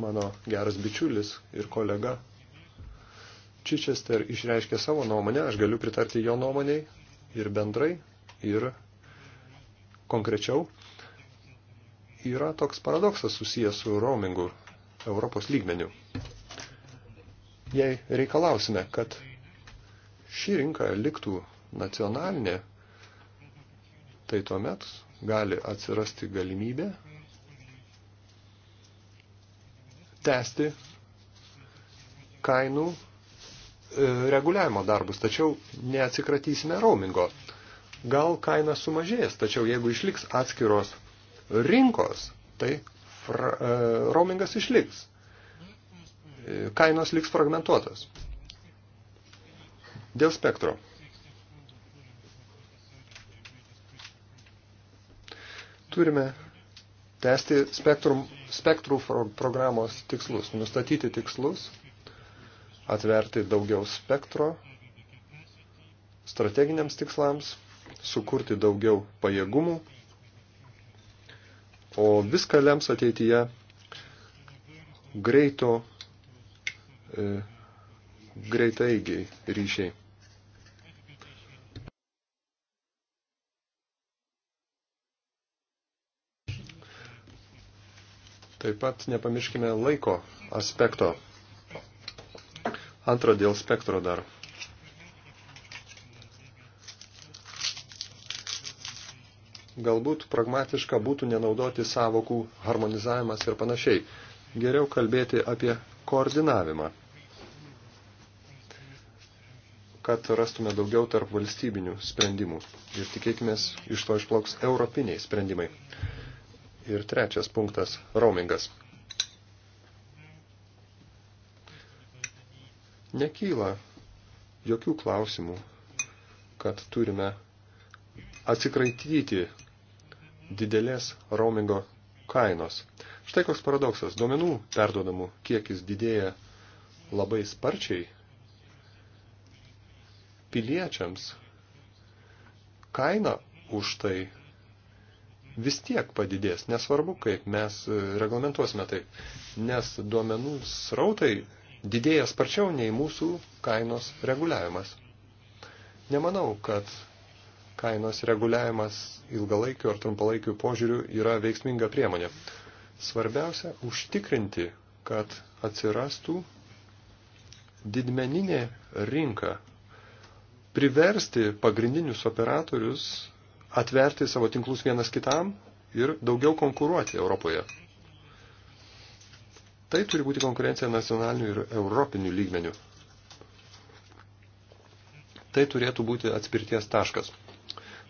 Mano geras bičiulis ir kolega Čičester išreiškė savo nuomonę, aš galiu pritarti jo nuomoniai ir bendrai, ir konkrečiau. Yra toks paradoksas susijęs su roamingu Europos lygmeniu. Jei reikalausime, kad ši rinka liktų nacionalinė, tai tuomet gali atsirasti galimybė tęsti kainų e, reguliavimo darbus, tačiau neatsikratysime roamingo. Gal kaina sumažės, tačiau jeigu išliks atskiros rinkos, tai fra, e, roamingas išliks. E, kainos liks fragmentuotos. Dėl spektro. Turime tęsti spektrum, spektrų programos tikslus, nustatyti tikslus, atverti daugiau spektro strateginiams tikslams, sukurti daugiau pajėgumų, o viską lems ateityje greito, e, greitaigiai ryšiai. Taip pat nepamirškime laiko aspekto. Antra dėl spektro dar. Galbūt pragmatiška būtų nenaudoti savokų harmonizavimas ir panašiai. Geriau kalbėti apie koordinavimą, kad rastume daugiau tarp valstybinių sprendimų ir tikėkime iš to išplauks europiniai sprendimai. Ir trečias punktas – roamingas. Nekyla jokių klausimų, kad turime atsikraityti didelės roamingo kainos. Štai koks paradoksas. Duomenų perduodamų kiekis didėja labai sparčiai. Piliečiams kaina už tai vis tiek padidės, nesvarbu, kaip mes e, reglamentuosime tai, nes duomenų srautai didėja sparčiau nei mūsų kainos reguliavimas. Nemanau, kad kainos reguliavimas ilgalaikiu ar trumpalaikiu požiūriu yra veiksminga priemonė. Svarbiausia užtikrinti, kad atsirastų didmeninė rinka, priversti pagrindinius operatorius atverti savo tinklus vienas kitam ir daugiau konkuruoti Europoje. Tai turi būti konkurencija nacionalinių ir europinių lygmenių. Tai turėtų būti atspirties taškas.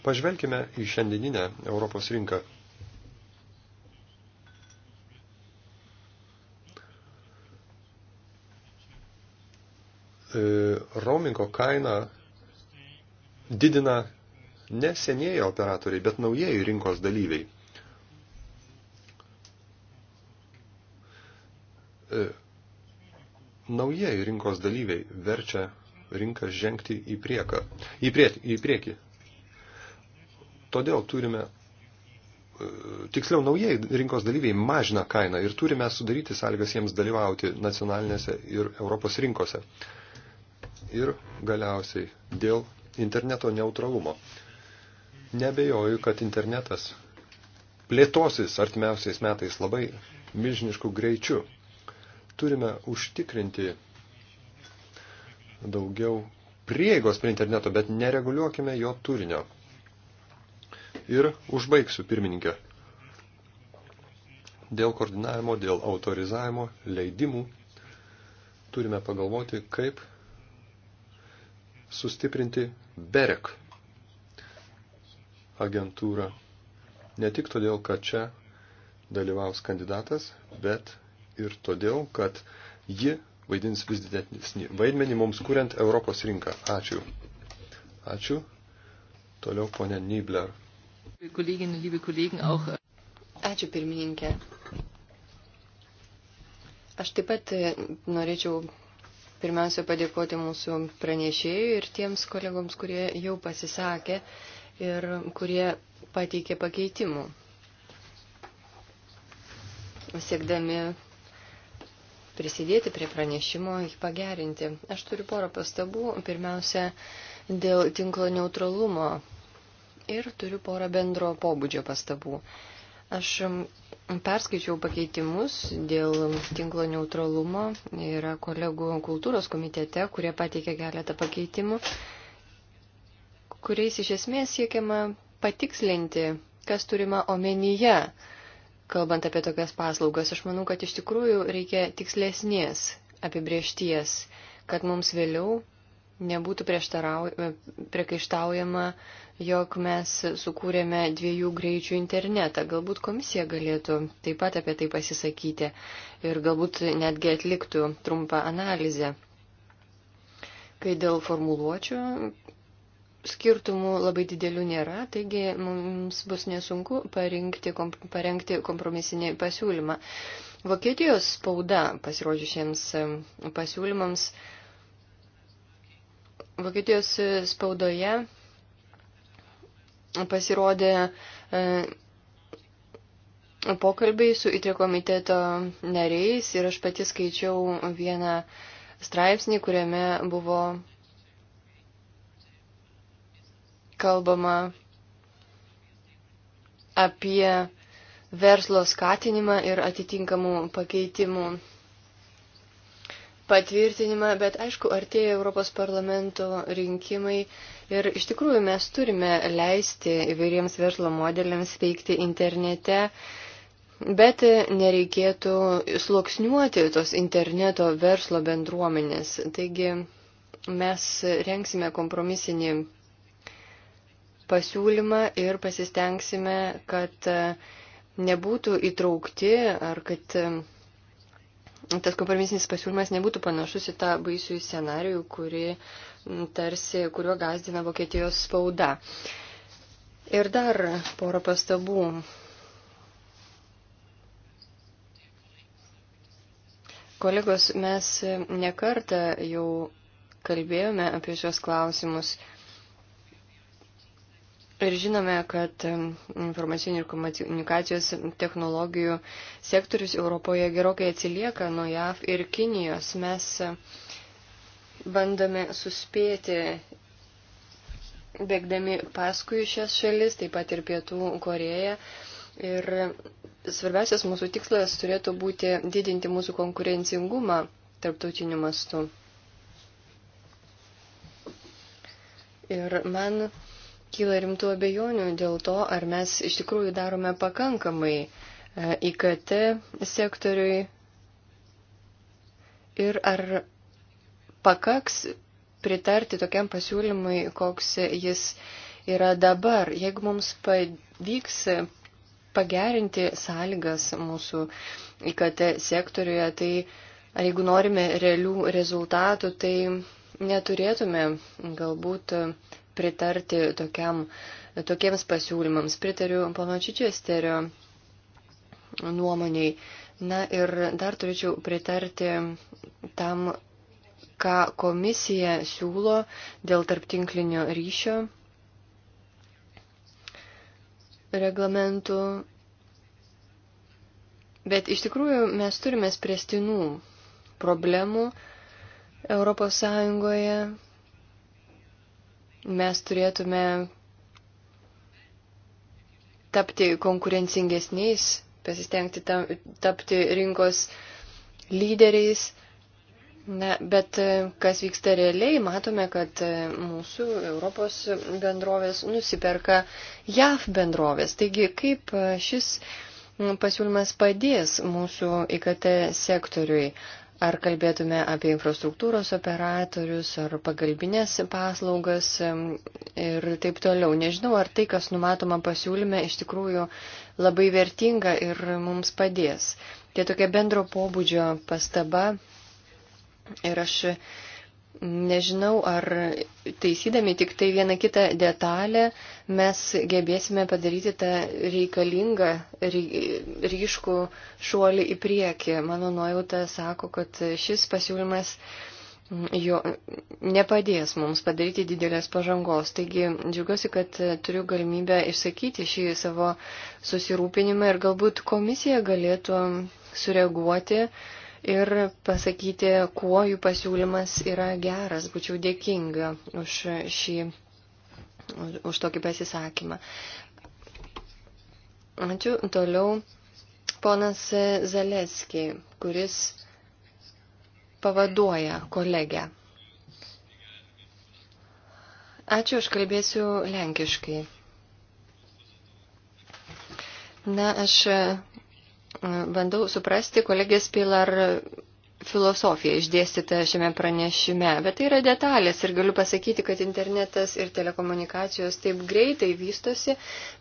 Pažvelkime į šiandieninę Europos rinką. E, roamingo kaina didina ne senieji operatoriai, bet naujieji rinkos dalyviai. E, naujieji rinkos dalyviai verčia rinką žengti į, prieką, į, prie, į priekį. Todėl turime, e, tiksliau, naujieji rinkos dalyviai mažina kainą ir turime sudaryti sąlygas jiems dalyvauti nacionalinėse ir Europos rinkose. Ir galiausiai dėl interneto neutralumo. Nebejoju, kad internetas plėtosis artimiausiais metais labai milžiniškų greičių. Turime užtikrinti daugiau prieigos prie interneto, bet nereguliuokime jo turinio. Ir užbaigsiu, pirmininkė. Dėl koordinavimo, dėl autorizavimo, leidimų turime pagalvoti, kaip sustiprinti BEREK agentūrą. Ne tik todėl, kad čia dalyvaus kandidatas, bet ir todėl, kad ji vaidins vis didesnį vaidmenį mums kuriant Europos rinką. Ačiū. Ačiū. Toliau ponė Nibler. Äh, Ačiū pirmininkė. Aš taip pat e, norėčiau pirmiausia padėkoti mūsų pranešėjui ir tiems kolegoms, kurie jau pasisakė ir kurie pateikė pakeitimų, siekdami prisidėti prie pranešimo ir pagerinti. Aš turiu porą pastabų. Pirmiausia, dėl tinklo neutralumo ir turiu porą bendro pobūdžio pastabų. Aš perskaičiau pakeitimus dėl tinklo neutralumo. Yra kolegų kultūros komitete, kurie pateikė keletą pakeitimų kuriais iš esmės siekiama patikslinti, kas turima omenyje, kalbant apie tokias paslaugas. Aš manau, kad iš tikrųjų reikia tikslesnės apibriešties, kad mums vėliau nebūtų priekaištaujama, jog mes sukūrėme dviejų greičių internetą. Galbūt komisija galėtų taip pat apie tai pasisakyti ir galbūt netgi atliktų trumpą analizę. Kai dėl formuluočių skirtumų labai didelių nėra, taigi mums bus nesunku parinkti, komp parengti kompromisinį pasiūlymą. Vokietijos spauda pasirodžiusiems pasiūlymams. Vokietijos spaudoje pasirodė e, pokalbiai su įtrio komiteto nariais ir aš pati skaičiau vieną straipsnį, kuriame buvo kalbama apie verslo skatinimą ir atitinkamų pakeitimų patvirtinimą, bet aišku, artėja Europos parlamento rinkimai ir iš tikrųjų mes turime leisti įvairiems verslo modeliams veikti internete, bet nereikėtų sluoksniuoti tos interneto verslo bendruomenės. Taigi mes renksime kompromisinį pasiūlymą ir pasistengsime, kad e, nebūtų įtraukti ar kad e, tas kompromisinis pasiūlymas nebūtų panašus į tą baisųjį scenarijų, kuri, tarsi, kuriuo gazdina Vokietijos spauda. Ir dar porą pastabų. Kolegos, mes nekartą jau kalbėjome apie šios klausimus. Ir žinome, kad informacinių ir komunikacijos technologijų sektorius Europoje gerokai atsilieka nuo JAV ir Kinijos. Mes e, bandome suspėti, bėgdami paskui šias šalis, taip pat ir Pietų Koreją. Ir svarbiausias mūsų tikslas turėtų būti didinti mūsų konkurencingumą tarptautiniu mastu. Ir man kyla rimtų abejonių dėl to, ar mes iš tikrųjų darome pakankamai e, IKT sektoriui ir ar pakaks pritarti tokiam pasiūlymui, koks jis yra dabar. Jeigu mums pavyks pagerinti sąlygas mūsų IKT sektoriuje, tai ar jeigu norime realių rezultatų, tai neturėtume galbūt pritarti tokiam, tokiems pasiūlymams. Pritariu pono Čičesterio nuomoniai. Na ir dar turėčiau pritarti tam, ką komisija siūlo dėl tarptinklinio ryšio reglamentų. Bet iš tikrųjų mes turime spręstinų problemų Europos Sąjungoje mes turėtume tapti konkurencingesniais, pasistengti tam, tapti rinkos lyderiais. Na, bet e, kas vyksta realiai, matome, kad e, mūsų Europos bendrovės nusiperka JAV bendrovės. Taigi, kaip e, šis pasiūlymas padės mūsų IKT sektoriui? Ar kalbėtume apie infrastruktūros operatorius, ar pagalbinės paslaugas ir taip toliau. Nežinau, ar tai, kas numatoma pasiūlyme, iš tikrųjų labai vertinga ir mums padės. Tai tokia bendro pobūdžio pastaba ir aš Nežinau, ar taisydami tik tai vieną kitą detalę mes gebėsime padaryti tą reikalingą ryškų šuolį į priekį. Mano nuojauta sako, kad šis pasiūlymas jo nepadės mums padaryti didelės pažangos. Taigi džiugiuosi, kad turiu galimybę išsakyti šį savo susirūpinimą ir galbūt komisija galėtų sureaguoti ir pasakyti, kuo jų pasiūlymas yra geras. Būčiau dėkinga už šį, už tokį pasisakymą. Ačiū. Toliau ponas Zaleski, kuris pavaduoja kolegę. Ačiū, aš kalbėsiu lenkiškai. Na, aš bandau suprasti kolegės Pilar filosofija išdėstyta šiame pranešime, bet tai yra detalės ir galiu pasakyti, kad internetas ir telekomunikacijos taip greitai vystosi,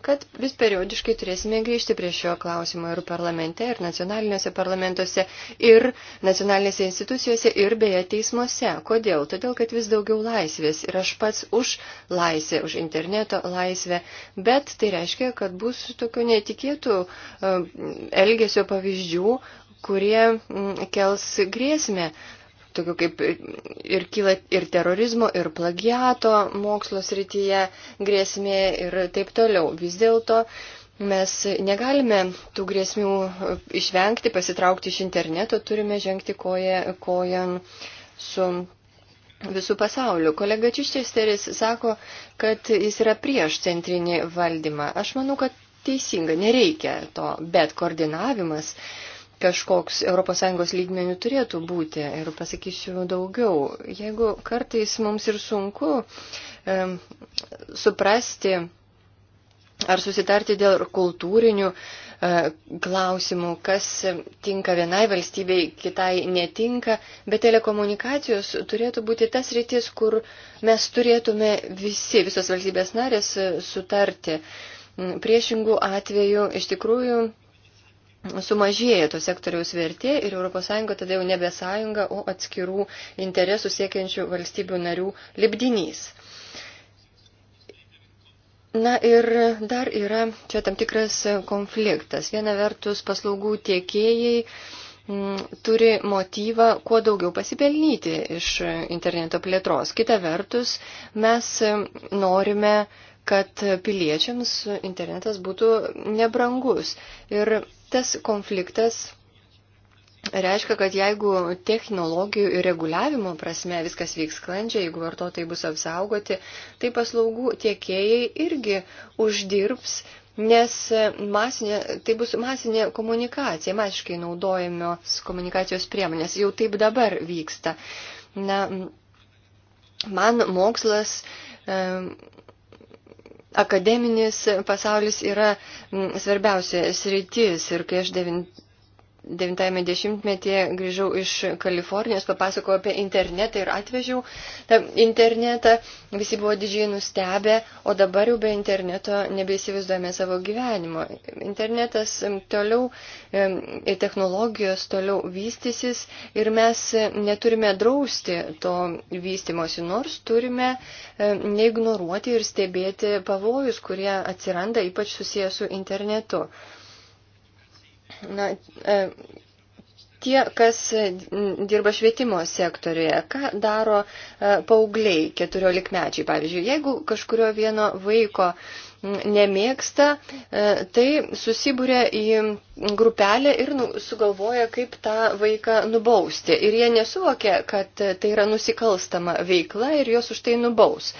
kad vis periodiškai turėsime grįžti prie šio klausimo ir parlamente, ir nacionaliniuose parlamentuose, ir nacionalinėse institucijose, ir beje teismuose. Kodėl? Todėl, kad vis daugiau laisvės ir aš pats už laisvę, už interneto laisvę, bet tai reiškia, kad bus tokių netikėtų e, elgesio pavyzdžių, kurie mm, kels grėsmę, tokių kaip ir kyla ir terorizmo, ir plagiato mokslo srityje grėsmė ir taip toliau. Vis dėlto mes negalime tų grėsmių išvengti, pasitraukti iš interneto, turime žengti koją, kojan su visų pasauliu. Kolega Čiščesteris sako, kad jis yra prieš centrinį valdymą. Aš manau, kad teisinga, nereikia to, bet koordinavimas kažkoks ES lygmenių turėtų būti. Ir pasakysiu daugiau. Jeigu kartais mums ir sunku e, suprasti ar susitarti dėl kultūrinių e, klausimų, kas tinka vienai valstybei, kitai netinka, bet telekomunikacijos turėtų būti tas rytis, kur mes turėtume visi, visos valstybės narės e, sutarti. Priešingų atveju iš tikrųjų sumažėja to sektoriaus vertė ir ES tada jau nebe sąjunga, o atskirų interesų siekiančių valstybių narių libdinys. Na ir dar yra čia tam tikras konfliktas. Viena vertus paslaugų tiekėjai m, mm, turi motyvą kuo daugiau pasipelnyti iš interneto plėtros. Kita vertus mes norime kad piliečiams internetas būtų nebrangus. Ir tas konfliktas reiškia, kad jeigu technologijų ir reguliavimo prasme viskas vyks sklandžiai, jeigu vartotojai bus apsaugoti, tai paslaugų tiekėjai irgi uždirbs. Nes masinė, tai bus masinė komunikacija, masiškai naudojamios komunikacijos priemonės, jau taip dabar vyksta. Na, man mokslas e, akademinis pasaulis yra mm, svarbiausia sritis. Ir kai aš devint, 90-metyje grįžau iš Kalifornijos, papasakojau apie internetą ir atvežiau tą internetą. Visi buvo didžiai nustebę, o dabar jau be interneto nebeįsivaizduojame savo gyvenimo. Internetas toliau ir technologijos toliau vystysis ir mes neturime drausti to vystimosi, nors turime neignoruoti ir stebėti pavojus, kurie atsiranda ypač susijęs su internetu na, e, tie, kas dirba švietimo sektoriuje, ką daro e, paaugliai, keturiolikmečiai, pavyzdžiui, jeigu kažkurio vieno vaiko nemėgsta, e, tai susibūrė į grupelę ir nu, sugalvoja, kaip tą vaiką nubausti. Ir jie nesuvokia, kad tai yra nusikalstama veikla ir jos už tai nubaus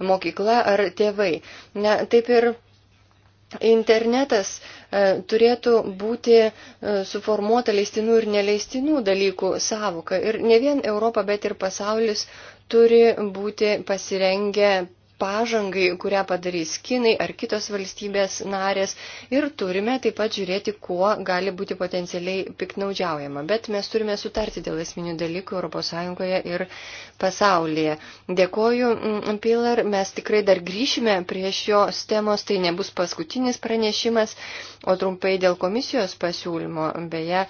mokykla ar tėvai. Ne, taip ir internetas e, turėtų būti e, suformuota leistinų ir neleistinų dalykų savoka. Ir ne vien Europa, bet ir pasaulis turi būti pasirengę pažangai, kurią padarys Kinai ar kitos valstybės narės ir turime taip pat žiūrėti, kuo gali būti potencialiai piknaudžiaujama. Bet mes turime sutarti dėl esminių dalykų ES ir pasaulyje. Dėkoju, mm, Pilar, mes tikrai dar grįšime prie šios temos, tai nebus paskutinis pranešimas, o trumpai dėl komisijos pasiūlymo. Beje,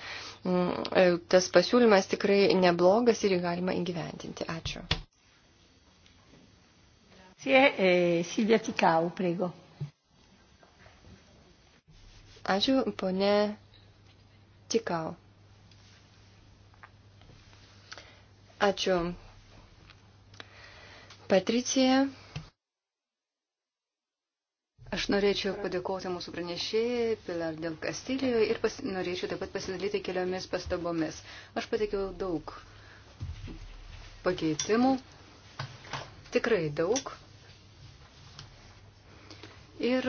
mm, tas pasiūlymas tikrai neblogas ir jį galima įgyvendinti. Ačiū. Eh, Silvija Tikau, prego. Ačiū, ponė Tikau. Ačiū. Patricija. Aš norėčiau padėkoti mūsų pranešėjai Pilar del Castillo ir pas, norėčiau taip pat pasidalyti keliomis pastabomis. Aš pateikiau daug pakeitimų, tikrai daug. Ir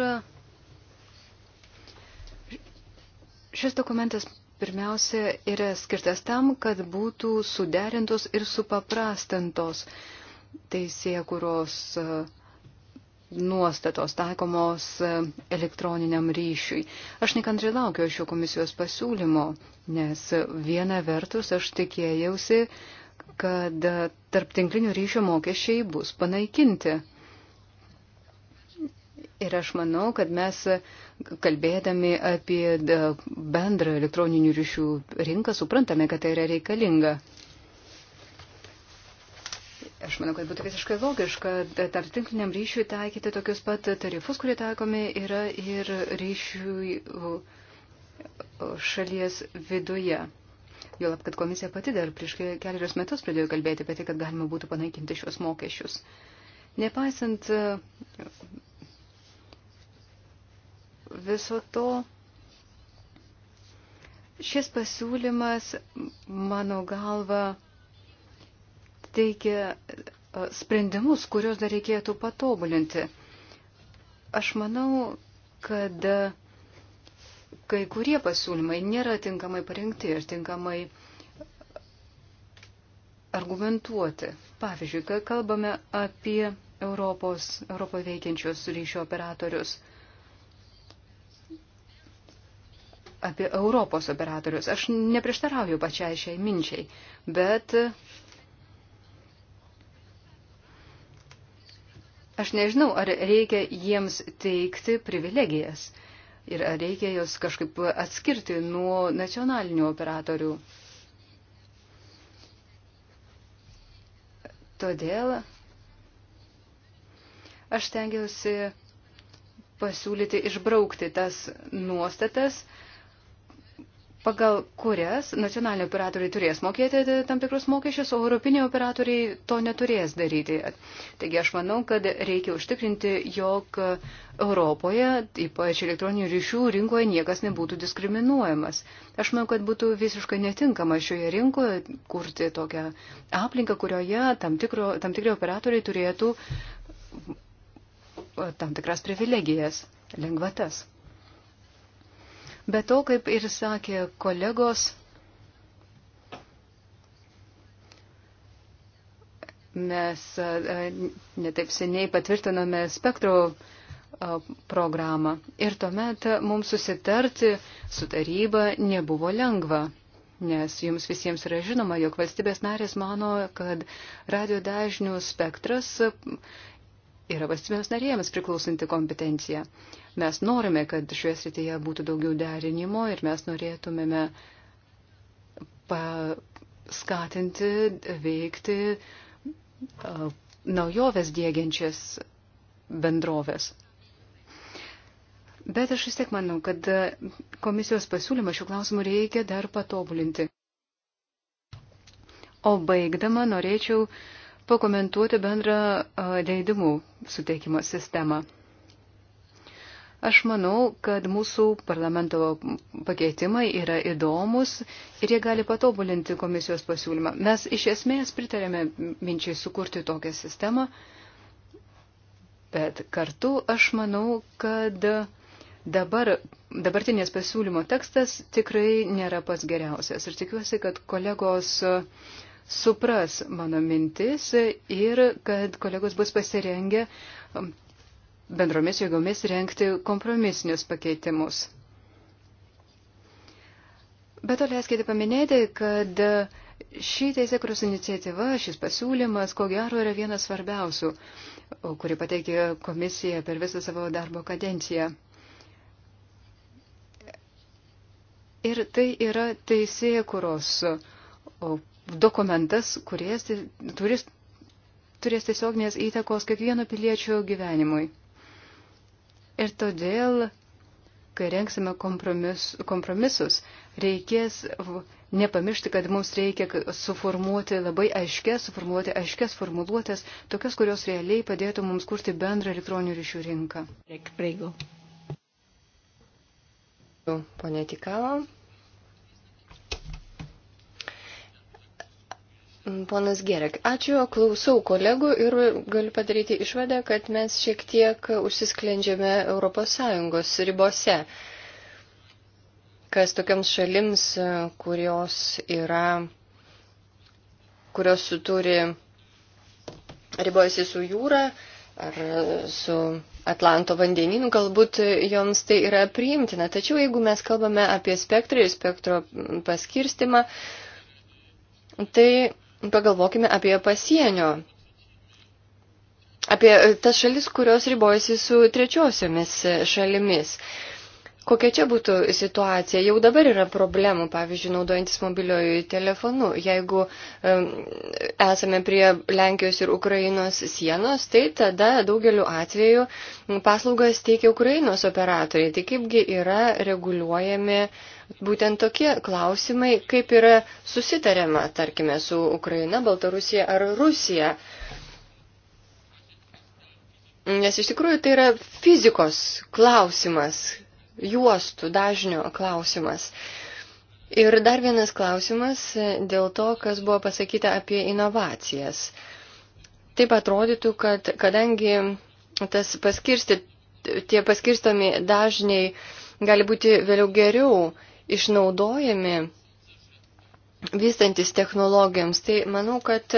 šis dokumentas pirmiausia yra skirtas tam, kad būtų suderintos ir supaprastintos teisėkuros e, nuostatos taikomos e, elektroniniam ryšiui. Aš nekantri laukiu šio komisijos pasiūlymo, nes viena vertus aš tikėjausi, kad tarptinklinio ryšio mokesčiai bus panaikinti. Ir aš manau, kad mes, kalbėdami apie bendrą elektroninių ryšių rinką, suprantame, kad tai yra reikalinga. Aš manau, kad būtų visiškai logiška tarp tinkliniam ryšiui taikyti tokius pat tarifus, kurie taikomi yra ir ryšiui šalies viduje. Jolab, kad komisija pati dar prieš keliarius metus pradėjo kalbėti apie tai, kad galima būtų panaikinti šios mokesčius. Nepaisant viso to, šis pasiūlymas, mano galva, teikia e, sprendimus, kuriuos dar reikėtų patobulinti. Aš manau, kad kai kurie pasiūlymai nėra tinkamai parinkti ir tinkamai argumentuoti. Pavyzdžiui, kai kalbame apie Europos, Europoje veikiančius ryšio operatorius, apie Europos operatorius. Aš neprieštarauju pačiai šiai minčiai, bet Aš nežinau, ar reikia jiems teikti privilegijas ir ar reikia jos kažkaip atskirti nuo nacionalinių operatorių. Todėl aš tengiausi pasiūlyti išbraukti tas nuostatas, pagal kurias nacionaliniai operatoriai turės mokėti tam tikrus mokesčius, o europiniai operatoriai to neturės daryti. Taigi aš manau, kad reikia užtikrinti, jog Europoje, ypač elektroninių ryšių rinkoje, niekas nebūtų diskriminuojamas. Aš manau, kad būtų visiškai netinkama šioje rinkoje kurti tokią aplinką, kurioje tam, tikro, tam tikri operatoriai turėtų e, tam tikras privilegijas, lengvatas. Be to, kaip ir sakė kolegos, mes netaip seniai patvirtinome spektro programą. Ir tuomet mums susitarti su taryba nebuvo lengva, nes jums visiems yra žinoma, jog valstybės narės mano, kad radio dažnių spektras yra valstybėms narėjams priklausanti kompetencija. Mes norime, kad šioje srityje būtų daugiau derinimo ir mes norėtumėme paskatinti veikti uh, naujoves dėgiančias bendrovės. Bet aš vis tiek manau, kad komisijos pasiūlymą šių klausimų reikia dar patobulinti. O baigdama norėčiau uh, pakomentuoti bendrą leidimų suteikimo sistemą. Aš manau, kad mūsų parlamento pakeitimai yra įdomus ir jie gali patobulinti komisijos pasiūlymą. Mes iš esmės pritarėme minčiai sukurti tokią sistemą, bet kartu aš manau, kad dabar, dabartinės pasiūlymo tekstas tikrai nėra pats geriausias. Ir tikiuosi, kad kolegos uh, supras mano mintis ir kad kolegos bus pasirengę um, bendromis jėgomis renkti kompromisinius pakeitimus. Bet to leiskite paminėti, kad ši teisėkros iniciatyva, šis pasiūlymas, ko gero, yra vienas svarbiausių, kurį pateikė komisija per visą savo darbo kadenciją. Ir tai yra teisėkuros dokumentas, kuris turis, turės tiesiognės įtakos kiekvieno piliečio gyvenimui. Ir todėl, kai renksime kompromis, kompromisus, reikės nepamiršti, kad mums reikia suformuoti labai aiškės, suformuoti aiškės formuluotės, tokias, kurios realiai padėtų mums kurti bendrą elektroninių ryšių rinką. Pone Tikalo. Ponas Gerek, ačiū, klausau kolegų ir galiu padaryti išvadą, kad mes šiek tiek užsisklendžiame ES ribose, kas tokiams šalims, e, kurios yra, kurios turi ribojasi su jūra ar e, su Atlanto vandeninu, galbūt joms tai yra priimtina. Tačiau jeigu mes kalbame apie spektrą ir spektro paskirstimą, tai pagalvokime apie pasienio, apie tas šalis, kurios ribojasi su trečiosiomis šalimis. Kokia čia būtų situacija? Jau dabar yra problemų, pavyzdžiui, naudojantis mobiliojų telefonu. Jeigu um, esame prie Lenkijos ir Ukrainos sienos, tai tada daugeliu atveju paslaugas teikia Ukrainos operatoriai. Tai kaipgi yra reguliuojami būtent tokie klausimai, kaip yra susitariama, tarkime, su Ukraina, Baltarusija ar Rusija. Nes iš tikrųjų tai yra fizikos klausimas, juostų dažnio klausimas. Ir dar vienas klausimas dėl to, kas buvo pasakyta apie inovacijas. Taip atrodytų, kad kadangi tas paskirsti, tie paskirstomi dažniai gali būti vėliau geriau išnaudojami vystantis technologijoms, tai manau, kad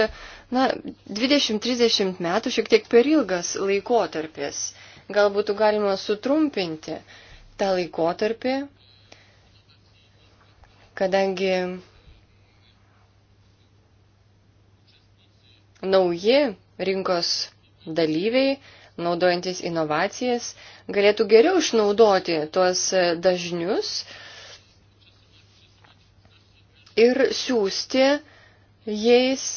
na, 20-30 metų šiek tiek per ilgas laikotarpis. Gal būtų galima sutrumpinti uh, tą laikotarpį, kadangi nauji rinkos dalyviai, naudojantis inovacijas, galėtų geriau išnaudoti tuos dažnius ir siūsti jais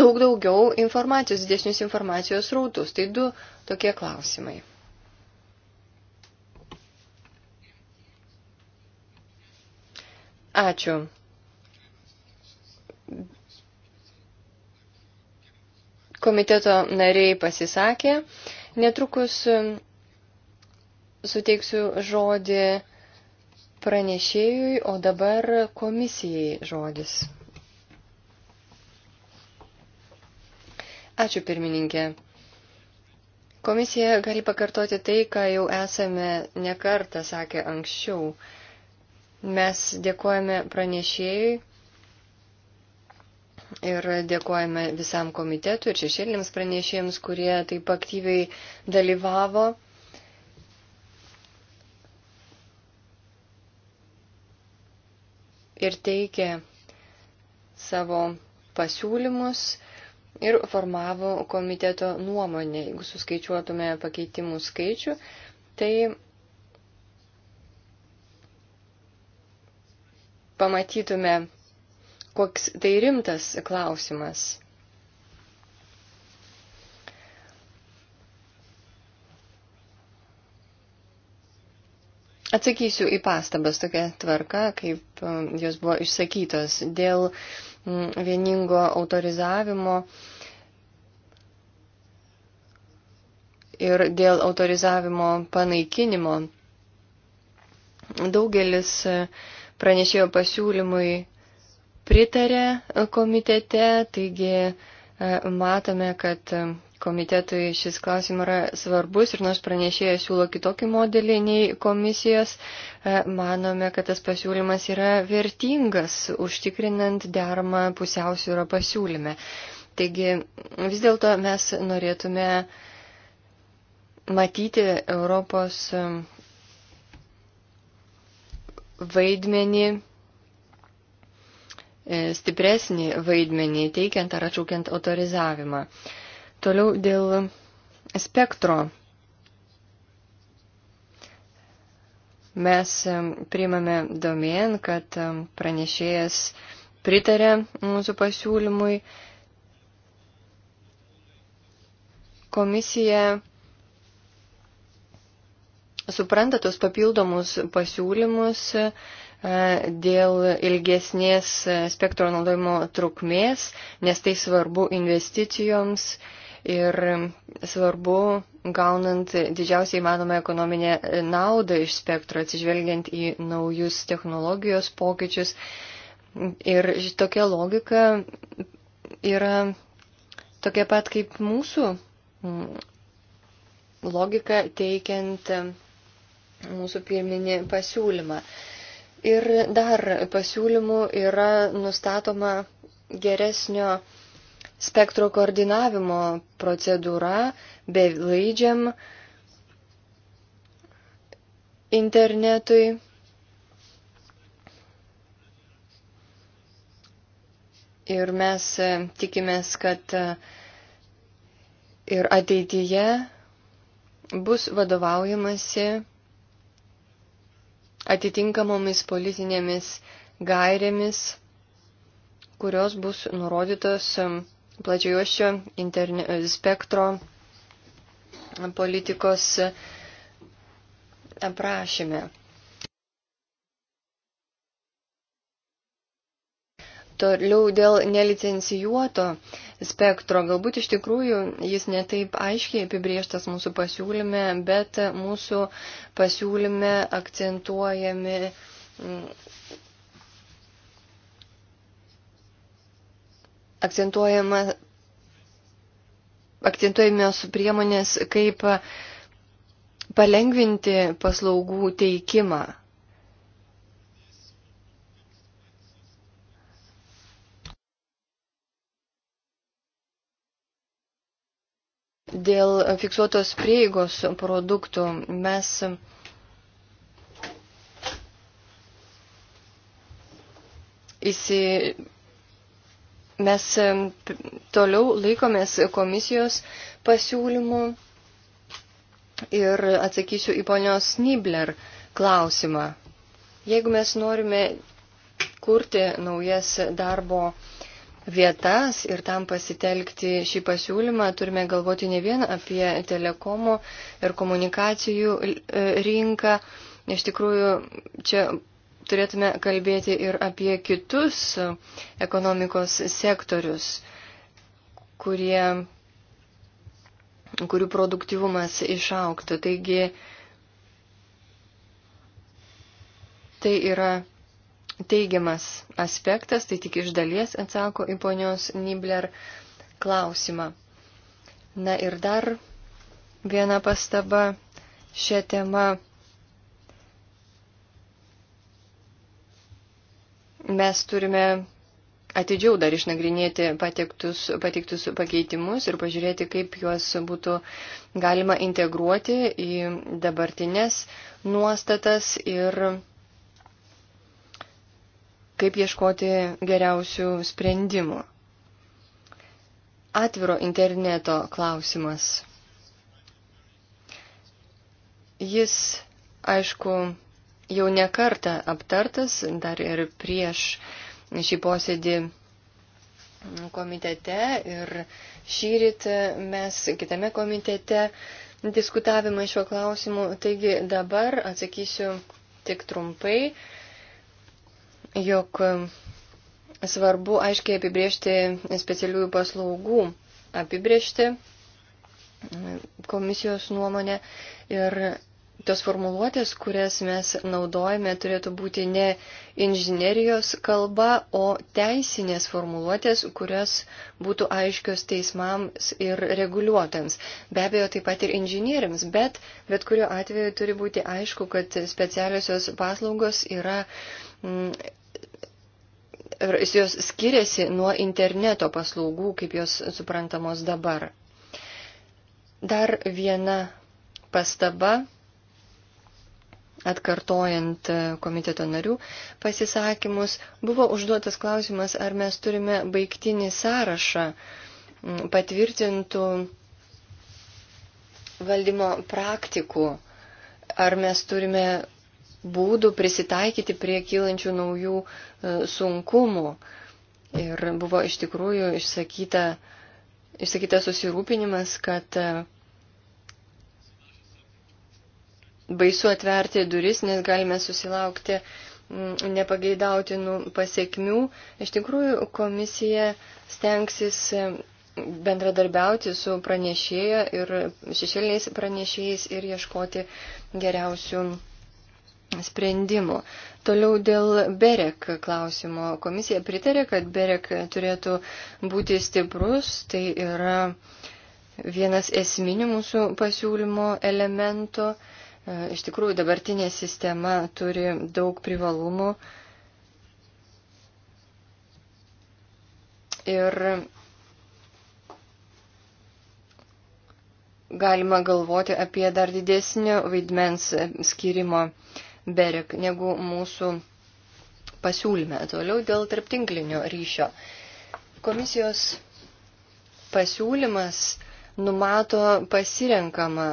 daug daugiau informacijos, didesnius informacijos rautus. Tai du tokie klausimai. Ačiū. Komiteto nariai pasisakė. Netrukus um, suteiksiu žodį pranešėjui, o dabar komisijai žodis. Ačiū pirmininkė. Komisija gali pakartoti tai, ką jau esame nekartą sakę anksčiau. Mes dėkojame pranešėjui ir dėkojame visam komitetui ir šešėlėms pranešėjams, kurie taip aktyviai dalyvavo. Ir teikė savo pasiūlymus ir formavo komiteto nuomonę. Jeigu suskaičiuotume pakeitimų skaičių, tai pamatytume, koks tai rimtas klausimas. Atsakysiu į pastabas tokia tvarka, kaip um, jos buvo išsakytos dėl mm, vieningo autorizavimo ir dėl autorizavimo panaikinimo. Daugelis uh, pranešėjo pasiūlymui pritarė e, komitete, taigi e, matome, kad e, komitetui šis klausimas yra svarbus ir nors pranešėjas siūlo kitokį modelį nei komisijos, manome, kad tas pasiūlymas yra vertingas, užtikrinant deramą pusiausvyrą pasiūlyme. Taigi vis dėlto mes norėtume matyti Europos vaidmenį, e, stipresnį vaidmenį teikiant ar atšaukiant autorizavimą. Toliau dėl spektro. Mes e, priimame domėn, kad e, pranešėjas pritarė mūsų pasiūlymui. Komisija supranta tos papildomus pasiūlymus e, dėl ilgesnės e, spektro naudojimo trukmės, nes tai svarbu investicijoms ir svarbu gaunant didžiausiai įmanomą ekonominę e, naudą iš spektro, atsižvelgiant į naujus technologijos pokyčius. Ir tokia logika yra tokia pat kaip mūsų logika teikiant mūsų pirminį pasiūlymą. Ir dar pasiūlymų yra nustatoma geresnio spektro koordinavimo procedūra belaidžiam internetui. Ir mes tikimės, kad ir ateityje bus vadovaujamasi atitinkamomis politinėmis gairėmis, kurios bus nurodytos plačiojošio interne... spektro politikos aprašyme. Toliau dėl nelicencijuoto spektro. Galbūt iš tikrųjų jis netaip aiškiai apibrieštas mūsų pasiūlyme, bet mūsų pasiūlyme akcentuojami. Mm, akcentuojama, akcentuojamos priemonės, kaip palengvinti paslaugų teikimą Dėl fiksuotos prieigos produktų mes įsi... Mes toliau laikomės komisijos pasiūlymų ir atsakysiu į ponios Nibler klausimą. Jeigu mes norime kurti naujas darbo vietas ir tam pasitelkti šį pasiūlymą turime galvoti ne vien apie telekomų ir komunikacijų e, rinką. Iš tikrųjų, čia turėtume kalbėti ir apie kitus ekonomikos sektorius, kurie, kurių produktivumas išauktų. Taigi, tai yra teigiamas aspektas, tai tik iš dalies atsako į ponios Nibler klausimą. Na ir dar viena pastaba šią temą. Mes turime atidžiau dar išnagrinėti pateiktus, pateiktus pakeitimus ir pažiūrėti, kaip juos būtų galima integruoti į dabartinės nuostatas ir kaip ieškoti geriausių sprendimų. Atviro interneto klausimas. Jis, aišku, jau nekarta aptartas dar ir prieš šį posėdį komitete ir šyrit mes kitame komitete diskutavimą šiuo klausimu. Taigi dabar atsakysiu tik trumpai jog e, svarbu aiškiai apibriežti specialiųjų paslaugų apibriežti e, komisijos nuomonę ir tos formuluotės, kurias mes naudojame, turėtų būti ne inžinerijos kalba, o teisinės formuluotės, kurios būtų aiškios teismams ir reguliuotams. Be abejo, taip pat ir inžinieriams, bet bet kuriuo atveju turi būti aišku, kad specialiosios paslaugos yra. Mm, jos skiriasi nuo interneto paslaugų, kaip jos suprantamos dabar. Dar viena pastaba, atkartojant komiteto narių pasisakymus, buvo užduotas klausimas, ar mes turime baigtinį sąrašą patvirtintų valdymo praktikų, ar mes turime būdų prisitaikyti prie kylančių naujų e, sunkumų. Ir buvo iš tikrųjų išsakyta, išsakyta susirūpinimas, kad e, baisu atverti duris, nes galime susilaukti mm, nepageidautinų pasiekmių. Iš tikrųjų, komisija stengsis e, bendradarbiauti su pranešėja ir šešėliniais pranešėjais ir ieškoti geriausių sprendimų. Toliau dėl Berek klausimo. Komisija pritarė, kad Berek turėtų būti stiprus. Tai yra vienas esminių mūsų pasiūlymo elementų. E, iš tikrųjų, dabartinė sistema turi daug privalumų. Ir galima galvoti apie dar didesnį vaidmens skirimo BEREK negu mūsų pasiūlyme. Toliau dėl tarptinklinio ryšio. Komisijos pasiūlymas numato pasirenkamą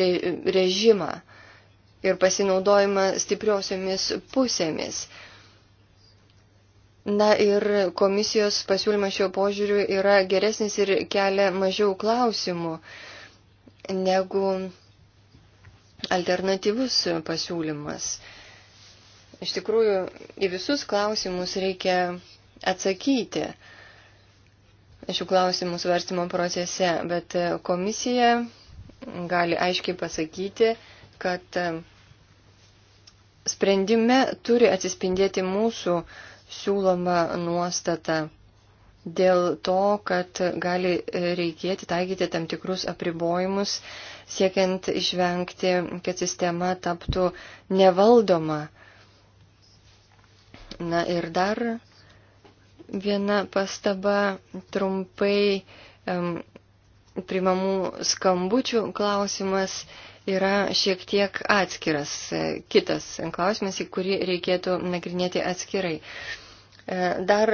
režimą ir pasinaudojimą stipriosiomis pusėmis. Na ir komisijos pasiūlymas šio požiūriu yra geresnis ir kelia mažiau klausimų negu alternatyvus pasiūlymas. Iš tikrųjų, į visus klausimus reikia atsakyti šių klausimų svarstymo procese, bet komisija gali aiškiai pasakyti, kad sprendime turi atsispindėti mūsų siūloma nuostata dėl to, kad gali reikėti taikyti tam tikrus apribojimus siekiant išvengti, kad sistema taptų nevaldoma. Na ir dar viena pastaba trumpai. Um, primamų skambučių klausimas yra šiek tiek atskiras. Kitas klausimas, į kurį reikėtų nagrinėti atskirai. E, dar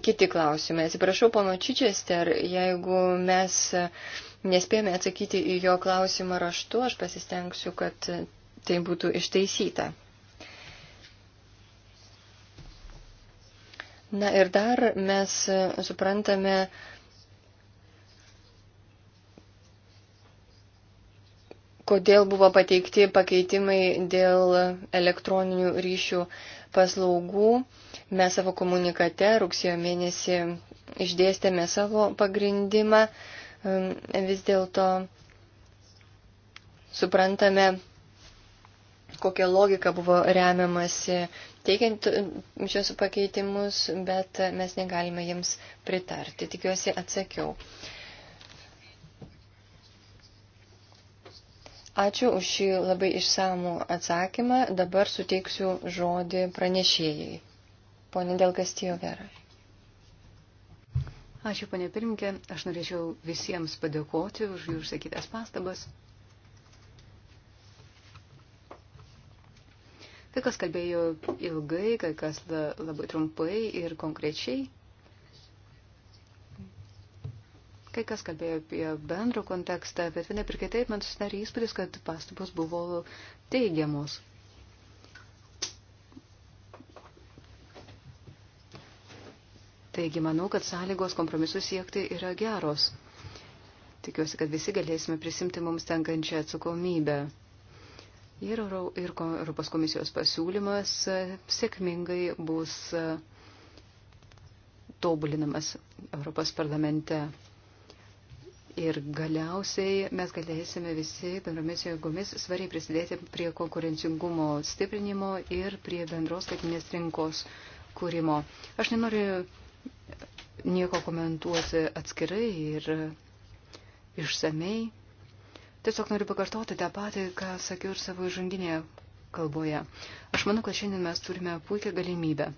kiti klausimai. Atsiprašau, pono Čičester, jeigu mes nespėjome atsakyti į jo klausimą raštu, aš pasistengsiu, kad tai būtų išteisyta. Na ir dar mes suprantame, kodėl buvo pateikti pakeitimai dėl elektroninių ryšių paslaugų. Mes savo komunikate rugsėjo mėnesį išdėstėme savo pagrindimą, vis dėlto suprantame, kokia logika buvo remiamasi teikiant šios pakeitimus, bet mes negalime jiems pritarti. Tikiuosi atsakiau. Ačiū už šį labai išsamų atsakymą. Dabar suteiksiu žodį pranešėjai. Pone Delgastijo Vera. Ačiū, ponė pirminkė. Aš norėčiau visiems padėkoti už jų užsakytas pastabas. Kai kas kalbėjo ilgai, kai kas labai trumpai ir konkrečiai. Kai kas kalbėjo apie bendrą kontekstą, bet vienaip ir kitaip man susidarė įspūdis, kad pastabos buvo teigiamos. Taigi manau, kad sąlygos kompromisus siekti yra geros. Tikiuosi, kad visi galėsime prisimti mums tenkančią atsakomybę. Ir, ir Europos komisijos pasiūlymas e, sėkmingai bus e, tobulinamas Europos parlamente. Ir galiausiai mes galėsime visi bendromis jėgomis svariai prisidėti prie konkurencingumo stiprinimo ir prie bendros skaitinės rinkos kūrimo. Aš nenoriu nieko komentuosi atskirai ir išsamei. Tiesiog noriu pakartoti tą patį, ką sakiau ir savo žanginėje kalboje. Aš manau, kad šiandien mes turime puikią galimybę.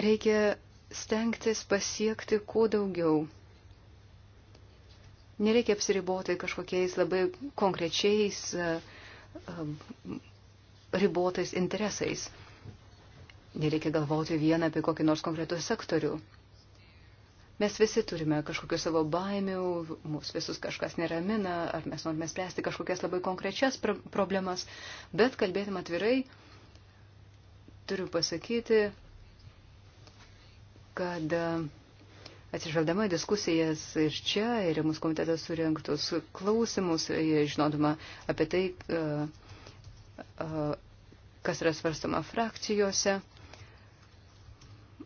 Reikia stengtis pasiekti kuo daugiau. Nereikia apsiriboti kažkokiais labai konkrečiais ribotais interesais. Nereikia galvoti vieną apie kokį nors konkretų sektorių. Mes visi turime kažkokių savo baimių, mūsų visus kažkas neramina, ar mes norime spręsti kažkokias labai konkrečias problemas, bet kalbėtum atvirai, turiu pasakyti, kad e, atsižvelgdama į diskusijas ir čia, ir mūsų komitetas surinktus klausimus, e, žinodama apie tai, e, kas yra svarstama frakcijose,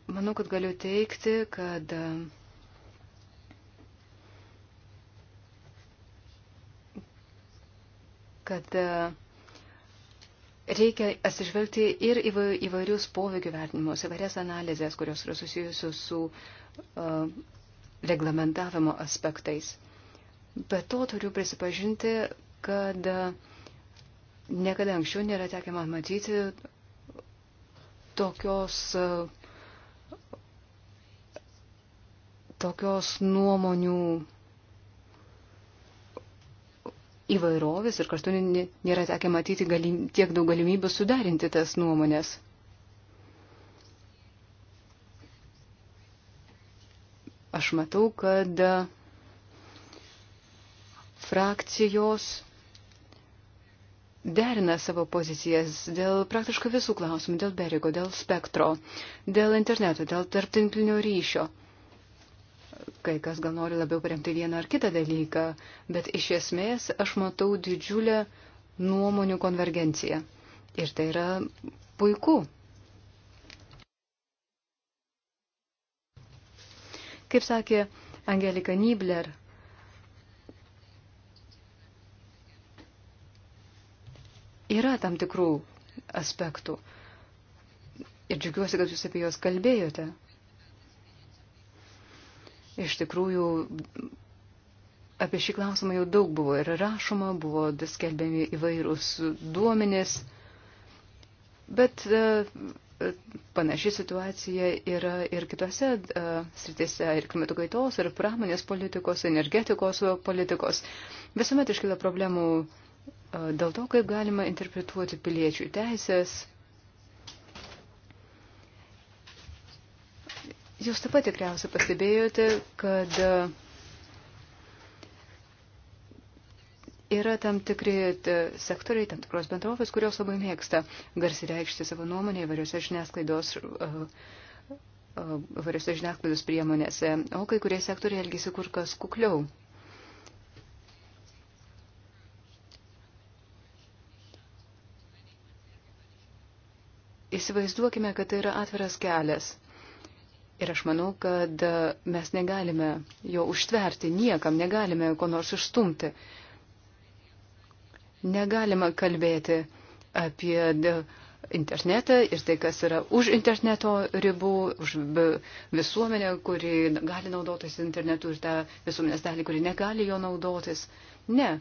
Manau, kad galiu teikti, kad kad reikia atsižvelgti ir įvairius poveikių vertinimus, įvairias analizės, kurios yra susijusios su uh, reglamentavimo aspektais. Be to turiu prisipažinti, kad niekada anksčiau nėra tekę man matyti tokios uh, tokios nuomonių įvairovės ir kartu nėra tekę matyti galim, tiek daug galimybių suderinti tas nuomonės. Aš matau, kad e, frakcijos derina savo pozicijas dėl praktiškai visų klausimų, dėl berego, dėl spektro, dėl interneto, dėl tarptinklinio ryšio kai kas gal nori labiau paremti vieną ar kitą dalyką, bet iš esmės aš matau didžiulę nuomonių konvergenciją. Ir tai yra puiku. Kaip sakė Angelika Nibler, yra tam tikrų aspektų. Ir džiugiuosi, kad jūs apie juos kalbėjote. Iš tikrųjų, apie šį klausimą jau daug buvo ir rašoma, buvo skelbiami įvairūs duomenės, bet e, e, panaši situacija yra ir kitose e, sritise, ir klimato kaitos, ir pramonės politikos, energetikos politikos. Visuomet iškyla problemų dėl to, kaip galima interpretuoti piliečių teisės Jūs taip pat tikriausiai pastebėjote, kad e, yra tam tikri e, sektoriai, tam tikros bendrovės, kurios labai mėgsta garsiai reikšti savo nuomonę įvairiose žiniasklaidos, e, įvairiose žiniasklaidos priemonėse, o kai kurie sektoriai elgesi kur kas kukliau. Įsivaizduokime, kad tai yra atviras kelias Ir aš manau, kad mes negalime jo užtverti niekam, negalime ko nors išstumti. Negalima kalbėti apie internetą ir tai, kas yra už interneto ribų, už visuomenę, kuri gali naudotis internetu ir tą visuomenės dalį, kuri negali jo naudotis. Ne.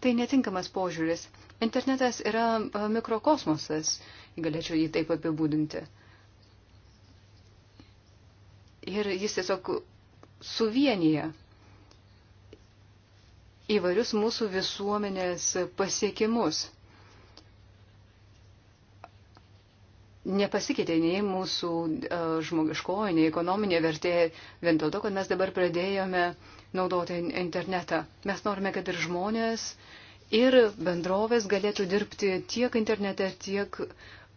Tai netinkamas požiūris. Internetas yra mikrokosmosas, galėčiau jį taip apibūdinti. Ir jis tiesiog suvienyje įvairius mūsų visuomenės pasiekimus. Nepasikeitė nei mūsų uh, žmogiškoji, nei ekonominė vertė vien dėl to, kad mes dabar pradėjome naudoti internetą. Mes norime, kad ir žmonės, ir bendrovės galėtų dirbti tiek internete, tiek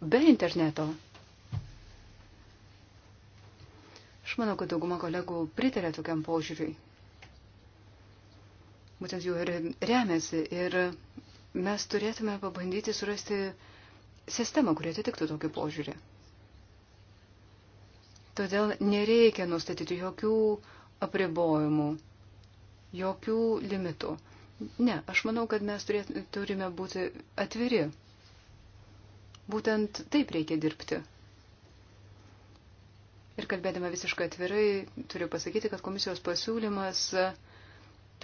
be interneto. Aš manau, kad dauguma kolegų pritarė tokiam požiūriui. Būtent jų ir remiasi ir mes turėtume pabandyti surasti sistemą, kurie atitiktų tokį požiūrį. Todėl nereikia nustatyti jokių apribojimų, jokių limitų. Ne, aš manau, kad mes turėt, turime būti atviri Būtent taip reikia dirbti. Ir kalbėdama visiškai atvirai, turiu pasakyti, kad komisijos pasiūlymas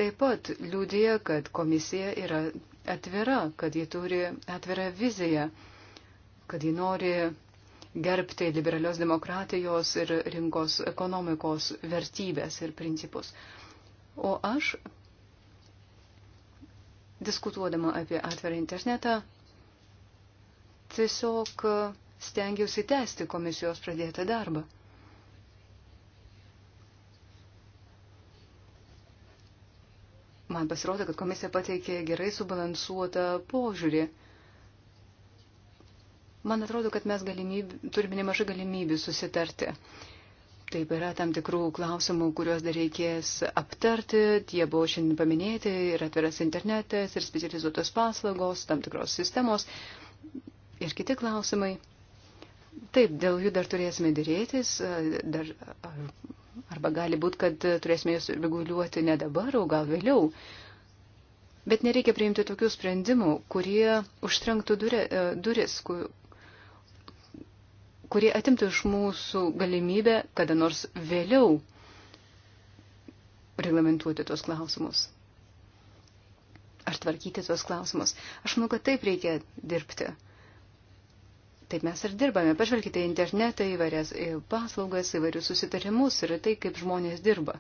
taip pat liūdėja, kad komisija yra atvira, kad ji turi atvirą viziją, kad ji nori gerbti liberalios demokratijos ir rinkos ekonomikos vertybės ir principus. O aš, diskutuodama apie atvirą internetą, tiesiog stengiausi tęsti komisijos pradėtą darbą. Man pasirodo, kad komisija pateikė gerai subalansuotą požiūrį. Man atrodo, kad mes galimyb, turime nemažai galimybių susitarti. Taip yra tam tikrų klausimų, kuriuos dar reikės aptarti, jie buvo šiandien paminėti, ir atviras internetas, ir specializuotos paslaugos, tam tikros sistemos ir kiti klausimai. Taip, dėl jų dar turėsime dėrėtis, e, dar, e, arba gali būti, kad e, turėsime juos reguliuoti ne dabar, o gal vėliau. Bet nereikia priimti tokių sprendimų, kurie užtrenktų durė, duris, kur, kurie atimtų iš mūsų galimybę kada nors vėliau reglamentuoti tuos klausimus. Ar tvarkyti tuos klausimus. Aš manau, kad taip reikia dirbti. Taip mes ir dirbame. Pažvelkite į internetą, įvairias paslaugas, įvairius susitarimus ir tai, kaip žmonės dirba.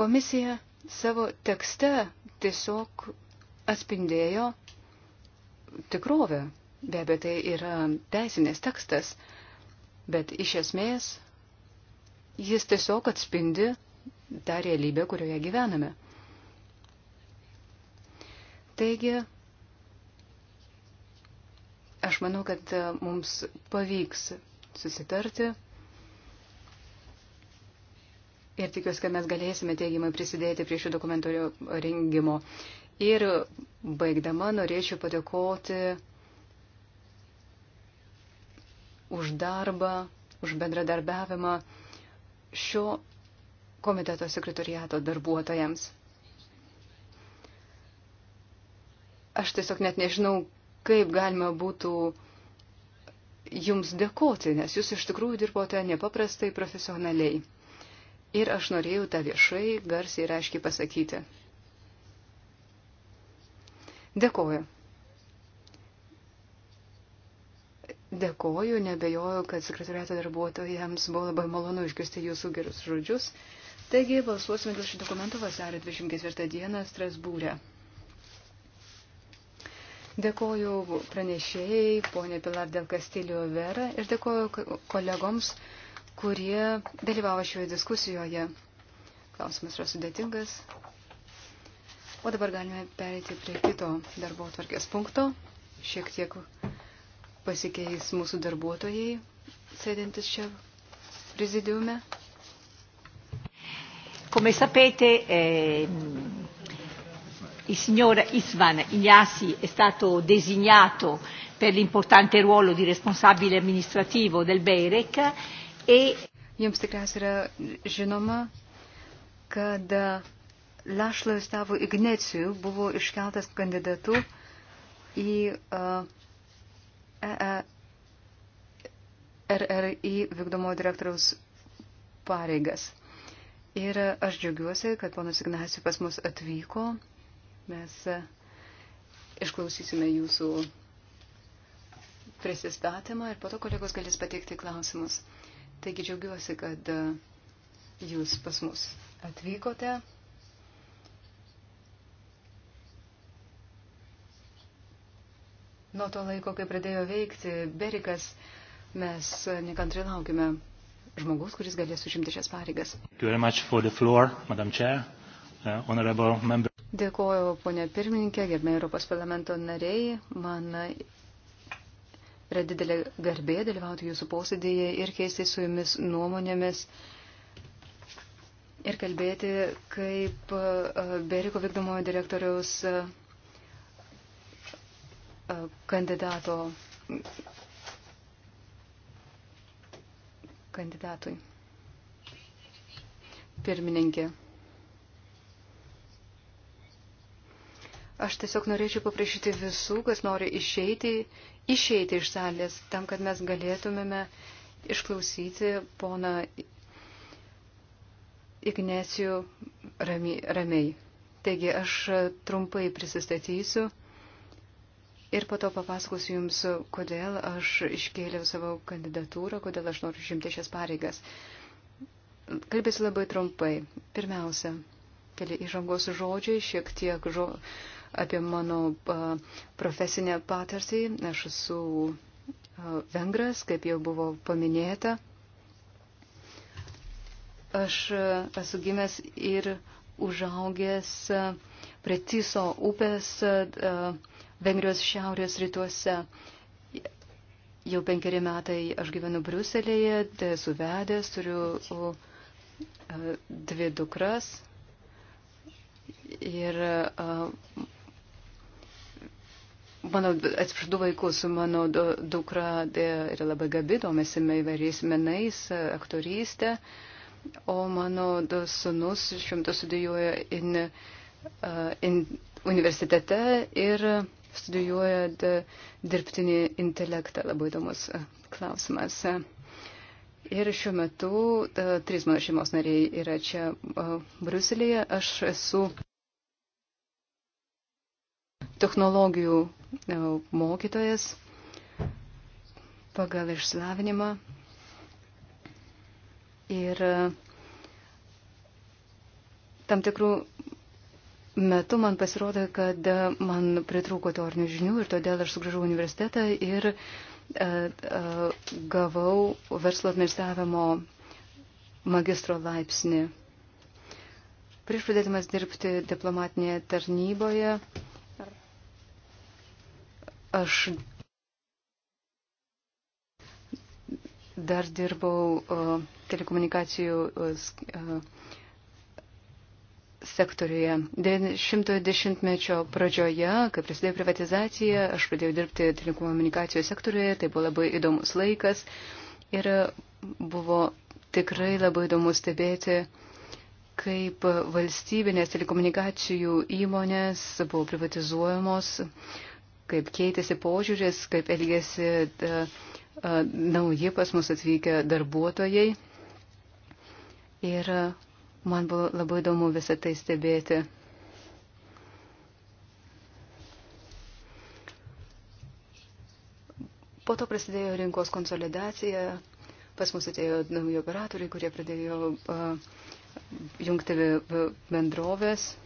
Komisija savo tekste tiesiog atspindėjo tikrovę. Be abejo, tai yra teisinės tekstas, bet iš esmės jis tiesiog atspindi tą realybę, kurioje gyvename. Taigi, aš manau, kad e, mums pavyks susitarti ir tikiuosi, kad mes galėsime teigiamai prisidėti prie šio dokumento rengimo. Ir baigdama norėčiau padėkoti už darbą, už bendradarbiavimą šio komiteto sekretoriato darbuotojams. Aš tiesiog net nežinau, kaip galima būtų jums dėkoti, nes jūs iš tikrųjų dirbote nepaprastai profesionaliai. Ir aš norėjau tą viešai, garsiai ir aiškiai pasakyti. Dėkoju. Dėkoju, nebejoju, kad sekretariato darbuotojams buvo labai malonu išgirsti jūsų gerus žodžius. Taigi balsuosime dėl šio dokumento vasario 24 dieną Strasbūrė. Dėkoju pranešėjai, ponė Pilar del Castillo Vera ir dėkoju kolegoms, kurie dalyvavo šioje diskusijoje. Klausimas yra sudėtingas. O dabar galime pereiti prie kito darbo tvarkės punkto. Šiek tiek pasikeis mūsų darbuotojai, sėdintis čia prezidiume. Come sapete, eh, il signor Isvan Ignasi è stato designato per l'importante ruolo di responsabile amministrativo del BEREC e Jums tikriausiai yra žinoma, kad Lašlo Stavo Ignecijų buvo iškeltas kandidatu į uh, e e RRI vykdomo direktoriaus pareigas. Ir aš džiaugiuosi, kad ponas Ignacijus pas mus atvyko Mes e, išklausysime jūsų prisistatymą ir po to kolegos galės pateikti klausimus. Taigi džiaugiuosi, kad e, jūs pas mus atvykote. Nuo to laiko, kai pradėjo veikti Berikas, mes e, nekantrai laukime žmogus, kuris galės užimti šias pareigas. Thank you very much for the floor, Madam Chair honorable member. Dėkuoju, ponė pirmininkė, gerbė Europos parlamento nariai. Man yra didelė garbė dalyvauti jūsų posėdėje ir keisti su jumis nuomonėmis ir kalbėti kaip e, Beriko vykdomojo direktoriaus e, e, kandidato kandidatui. Pirmininkė. Aš tiesiog norėčiau paprašyti visų, kas nori išeiti, išeiti iš salės, tam, kad mes galėtumėme išklausyti poną Ignacijų ramiai. Taigi aš trumpai prisistatysiu ir po to papasakosiu Jums, kodėl aš iškėliau savo kandidatūrą, kodėl aš noriu žimti šias pareigas. Kalbėsiu labai trumpai. Pirmiausia, keli įžangos žodžiai, šiek tiek žo, apie mano profesinę patirtį. Aš esu vengras, kaip jau buvo paminėta. Aš esu gimęs ir užaugęs prie Tiso upės Vengrijos šiaurės rytuose. Jau penkeri metai aš gyvenu Briuselėje, tai esu vedęs, turiu dvi dukras. Ir Mano, atsiprašau, du vaikus, mano dukra e, yra labai gabi, domisi įvairiais menais, e, aktorystė, o mano sunus šimtą studijuoja in, e, in universitete ir studijuoja dirbtinį intelektą. Labai įdomus klausimas. Ir šiuo metu da, trys mano šeimos nariai yra čia Bruselėje. Aš esu technologijų mokytojas pagal išslavinimą. Ir e, tam tikrų metų man pasirodė, kad e, man pritrūko teorinių žinių ir todėl aš sugrįžau universitetą ir e, gavau verslo administravimo magistro laipsnį. Prieš pradėdamas dirbti diplomatinėje tarnyboje, Aš dar dirbau e, telekomunikacijų e, e, sektoriuje. 90-mečio pradžioje, kai prasidėjo privatizacija, aš pradėjau dirbti telekomunikacijų sektoriuje, tai buvo labai įdomus laikas ir buvo tikrai labai įdomu stebėti, kaip valstybinės telekomunikacijų įmonės buvo privatizuojamos. Uh, kaip keitėsi požiūris, kaip elgėsi e, e, nauji pas mus atvykę darbuotojai. Ir e, man buvo labai įdomu visą tai stebėti. Po to prasidėjo rinkos konsolidacija, pas mus atėjo nauji operatoriai, kurie pradėjo uh, jungti bendrovės. Uh,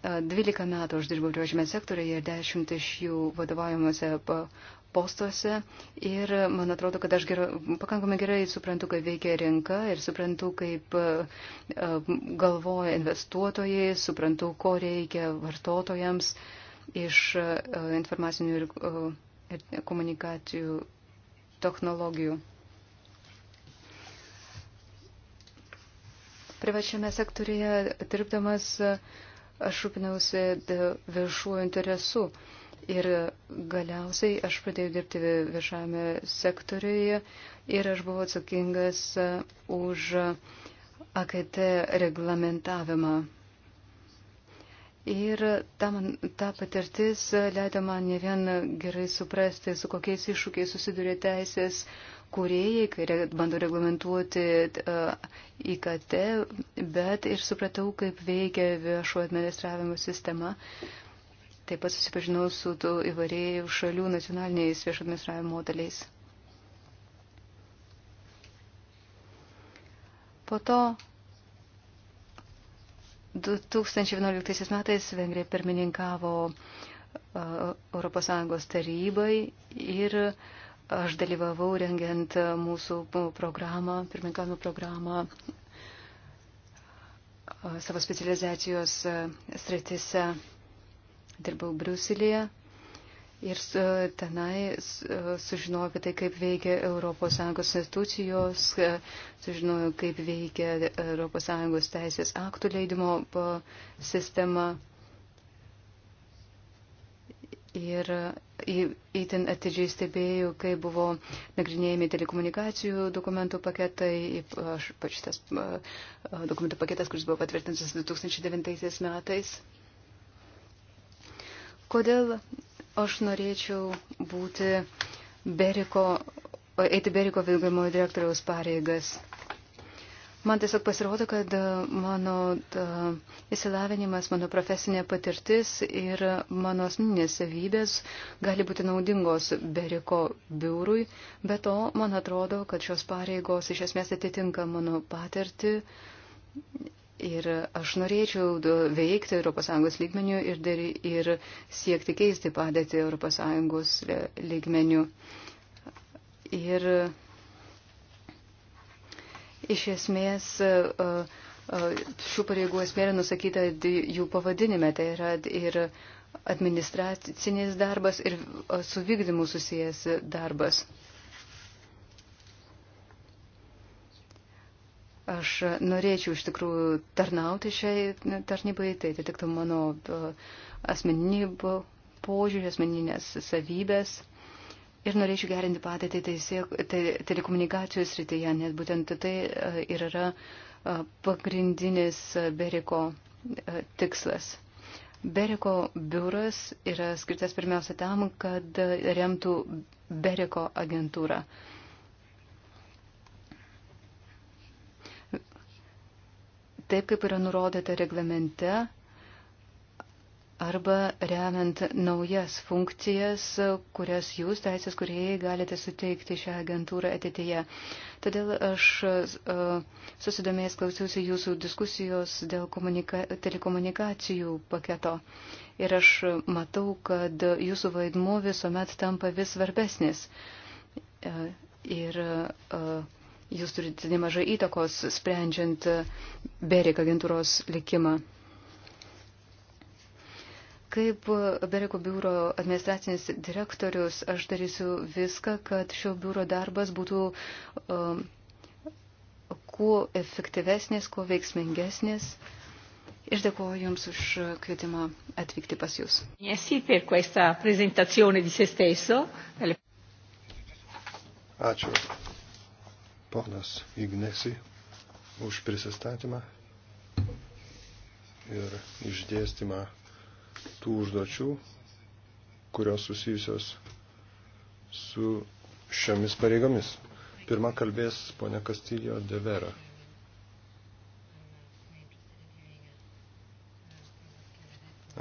12 metų aš dirbau priežymė sektorėje ir 10 iš jų vadovaujamuose postuose. Ir man atrodo, kad aš gerai, pakankamai gerai suprantu, kaip veikia rinka ir suprantu, kaip e, e, galvoja investuotojai, suprantu, ko reikia vartotojams iš e, informacinių ir komunikacijų technologijų. Privačiame sektorėje dirbdamas uh, aš rūpinausi viešuoju interesu. Ir galiausiai aš pradėjau dirbti viešame sektoriuje ir aš buvau atsakingas už AKT reglamentavimą. Ir ta, man, ta patirtis leido man ne vien gerai suprasti, su kokiais iššūkiais susiduria teisės kuriejai, kai bando reglamentuoti IKT, bet ir supratau, kaip veikia viešo administravimo sistema. Taip pat susipažinau su įvairiai šalių nacionaliniais viešo administravimo modeliais. Po to 2011 metais Vengrija pirmininkavo ES tarybai ir uh, Aš dalyvavau rengiant mūsų programą, pirmininkavimo programą savo specializacijos stratise. Dirbau Briuselėje ir tenai sužinojau apie tai, kaip veikia ES institucijos, sužinojau, kaip veikia ES teisės aktų leidimo sistema. Ir įtin e, atidžiai stebėjau, kai buvo nagrinėjami telekomunikacijų dokumentų paketai, ypač tas e, dokumentų paketas, kuris buvo patvirtintas 2009 metais. Kodėl aš norėčiau būti Beriko, eiti Beriko vykdomojo direktoriaus pareigas? Man tiesiog pasirodo, kad e, mano įsilavinimas, e, mano profesinė patirtis ir mano asmeninės savybės gali būti naudingos Beriko biurui, bet to man atrodo, kad šios pareigos iš esmės atitinka mano patirtį Ir aš norėčiau e, veikti ES lygmenių ir, dar, ir siekti keisti padėtį ES lygmenių. Ir Iš esmės, e, e, šių pareigų esmė yra nusakyta jų pavadinime, tai yra ir administracinis darbas, ir e, su vykdymu susijęs darbas. Aš norėčiau iš tikrųjų tarnauti šiai tarnybai, tai atitiktų mano asmeninį požiūrį, asmeninės savybės. Ir norėčiau gerinti padėtį telekomunikacijų srityje, nes būtent tai e, ir yra e, pagrindinis e, Beriko tikslas. Beriko biuras yra skirtas pirmiausia tam, kad remtų Beriko agentūrą. Taip kaip yra nurodyta reglamente, arba remiant naujas funkcijas, kurias jūs, teisės kuriejai, galite suteikti šią agentūrą ateityje. Todėl aš e, susidomėjęs klausiausi jūsų diskusijos dėl komunika, telekomunikacijų paketo. Ir aš matau, kad jūsų vaidmuo visuomet tampa vis svarbesnis. E, ir e, jūs turite nemažai įtakos sprendžiant Berik agentūros likimą. Kaip Bereko biuro administracinis direktorius, aš darysiu viską, kad šio biuro darbas būtų um, kuo efektyvesnis, kuo veiksmingesnis. Ir dėkuoju Jums už kvietimą atvykti pas Jūs. Ačiū, ponas Ignesi, už prisistatymą ir išdėstymą tų užduočių, kurios susijusios su šiomis pareigomis. Pirma kalbės ponia Kastilijo de Vera.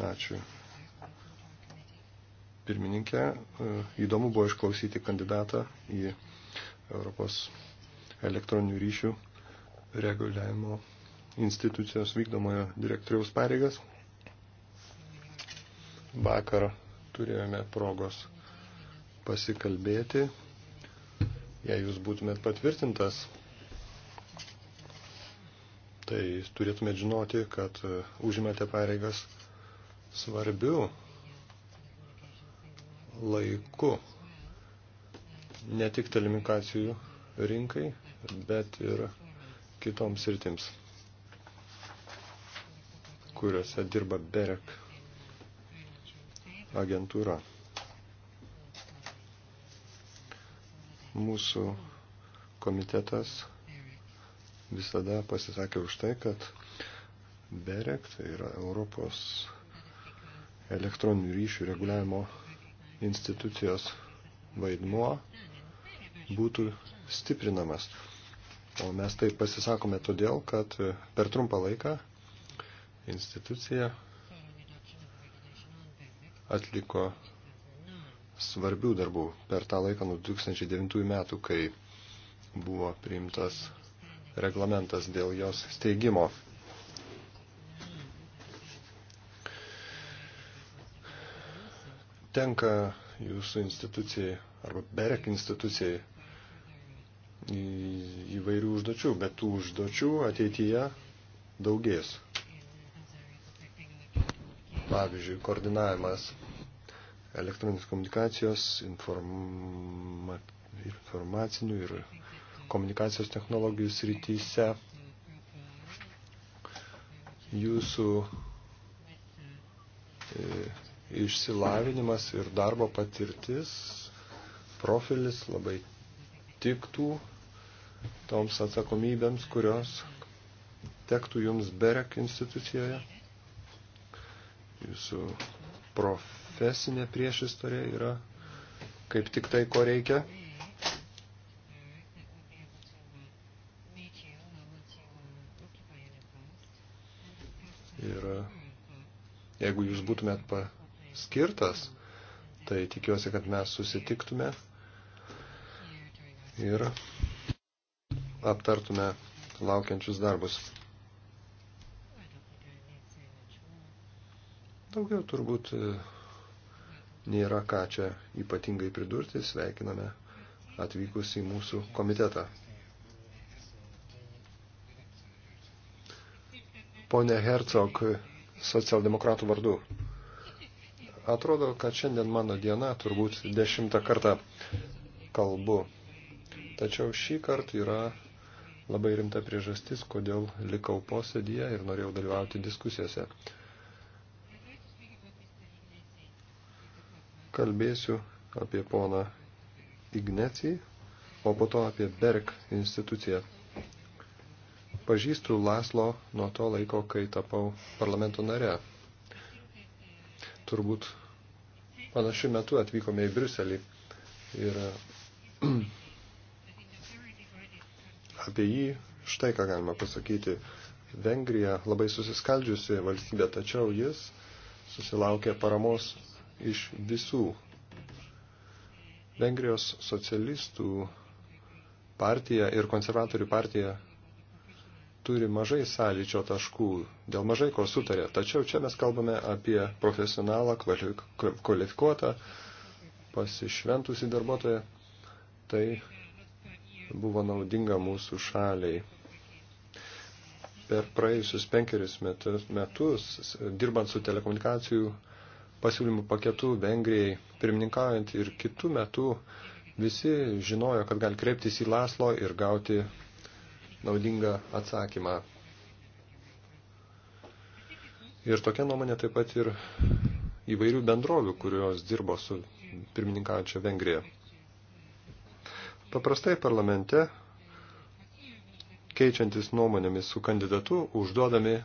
Ačiū. Pirmininkė, įdomu buvo išklausyti kandidatą į Europos elektroninių ryšių reguliavimo institucijos vykdomojo direktoriaus pareigas. Vakar turėjome progos pasikalbėti. Jei jūs būtumėt patvirtintas, tai turėtumėt žinoti, kad uh, užimėte pareigas svarbių laiku ne tik telekomunikacijų rinkai, bet ir kitoms sritims, kuriuose dirba BEREK agentūra. Mūsų komitetas visada pasisakė už tai, kad BEREK, tai yra Europos elektroninių ryšių reguliavimo institucijos vaidmuo, būtų stiprinamas. O mes tai pasisakome todėl, kad per trumpą laiką institucija atliko svarbių darbų per tą laiką nuo 2009 metų, kai buvo priimtas reglamentas dėl jos steigimo. Tenka jūsų institucijai arba BEREK institucijai įvairių užduočių, bet tų užduočių ateityje daugės. Pavyzdžiui, koordinavimas elektroninės komunikacijos, informa, informacinių ir komunikacijos technologijų srityse. Jūsų e, išsilavinimas ir darbo patirtis, profilis labai tiktų toms atsakomybėms, kurios tektų jums BEREK institucijoje. Jūsų profesinė priešistorė yra kaip tik tai, ko reikia. Ir jeigu jūs būtumėt paskirtas, tai tikiuosi, kad mes susitiktume ir aptartume laukiančius darbus. Daugiau turbūt e, nėra ką čia ypatingai pridurti. Sveikiname atvykus į mūsų komitetą. Pone Hercog, socialdemokratų vardu. Atrodo, kad šiandien mano diena turbūt dešimtą kartą kalbu. Tačiau šį kartą yra labai rimta priežastis, kodėl likau posėdėje ir norėjau dalyvauti diskusijose. kalbėsiu apie poną Ignecijį, o po to apie Berg instituciją. Pažįstu Laslo nuo to laiko, kai tapau parlamento nare. Turbūt panašiu metu atvykome į Briuselį ir apie jį štai ką galima pasakyti. Vengrija labai susiskaldžiusi valstybė, tačiau jis susilaukė paramos iš visų. Vengrijos socialistų partija ir konservatorių partija turi mažai sąlyčio taškų, dėl mažai ko sutarė. Tačiau čia mes kalbame apie profesionalą, kvalifikuotą, pasišventusi darbuotoją. Tai buvo naudinga mūsų šaliai. Per praėjusius penkerius metus, metus dirbant su telekomunikacijų pasiūlymų paketu Vengrijai pirmininkaujant ir kitų metų visi žinojo, kad gali kreiptis į Laslo ir gauti naudingą atsakymą. Ir tokia nuomonė taip pat ir įvairių bendrovių, kurios dirbo su pirmininkaujančia Vengrija. Paprastai parlamente, keičiantis nuomonėmis su kandidatu, užduodami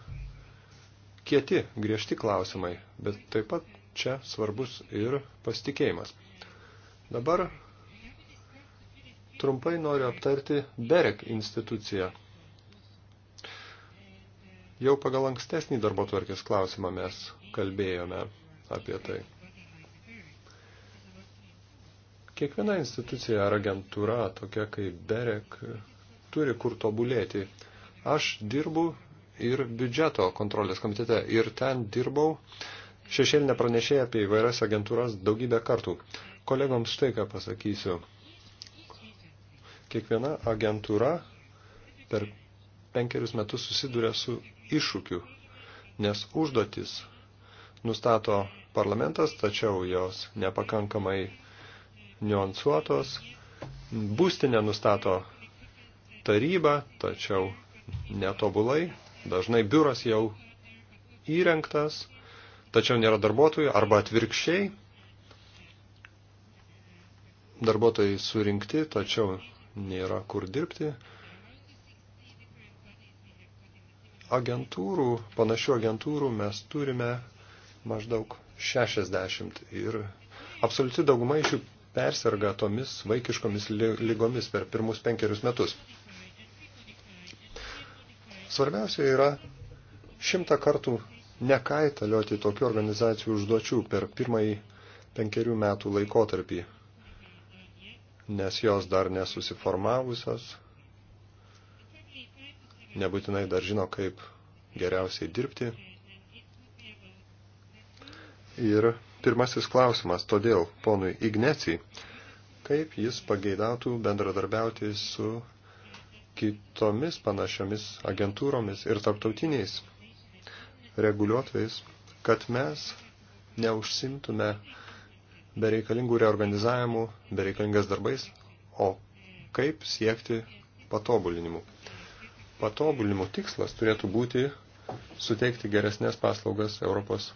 kieti, griežti klausimai, bet taip pat Čia svarbus ir pasitikėjimas. Dabar trumpai noriu aptarti BEREK instituciją. Jau pagal ankstesnį darbo tvarkės klausimą mes kalbėjome apie tai. Kiekviena institucija ar agentūra, tokia kaip BEREK, turi kur tobulėti. Aš dirbu ir biudžeto kontrolės komitete ir ten dirbau uh, šešėlinę pranešėją apie įvairias agentūras daugybę kartų. Kolegoms štai ką pasakysiu. Kiekviena agentūra per penkerius metus susiduria su iššūkiu, nes užduotis nustato parlamentas, tačiau jos nepakankamai niuansuotos. Būstinė nustato taryba, tačiau netobulai. Dažnai biuras jau įrengtas, tačiau nėra darbuotojų arba atvirkščiai. Darbuotojai surinkti, tačiau nėra kur dirbti. Agentūrų, panašių agentūrų mes turime maždaug 60 ir absoliuti dauguma iš jų persirga tomis vaikiškomis lygomis per pirmus penkerius metus. Svarbiausia yra šimtą kartų nekaitalioti tokių organizacijų užduočių per pirmąjį penkerių metų laikotarpį, nes jos dar nesusiformavusios, nebūtinai dar žino, kaip geriausiai dirbti. Ir pirmasis klausimas, todėl ponui Ignecijai, kaip jis pageidautų bendradarbiauti su kitomis panašiomis agentūromis ir tarptautiniais reguliuotojais, kad mes neužsimtume bereikalingų reorganizavimų, bereikalingas darbais, o kaip siekti patobulinimų. Patobulinimų tikslas turėtų būti suteikti geresnės paslaugas Europos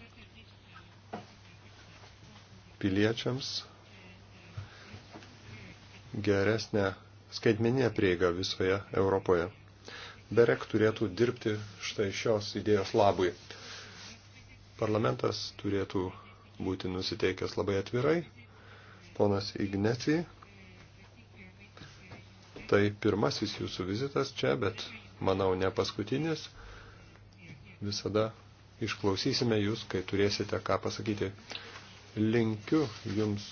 piliečiams, geresnę skaitmeninę prieigą visoje Europoje. Berek turėtų dirbti štai šios idėjos labui. Parlamentas turėtų būti nusiteikęs labai atvirai. Ponas Ignecijai Tai pirmasis jūsų vizitas čia, bet manau ne paskutinis. Visada išklausysime jūs, kai turėsite ką pasakyti. Linkiu jums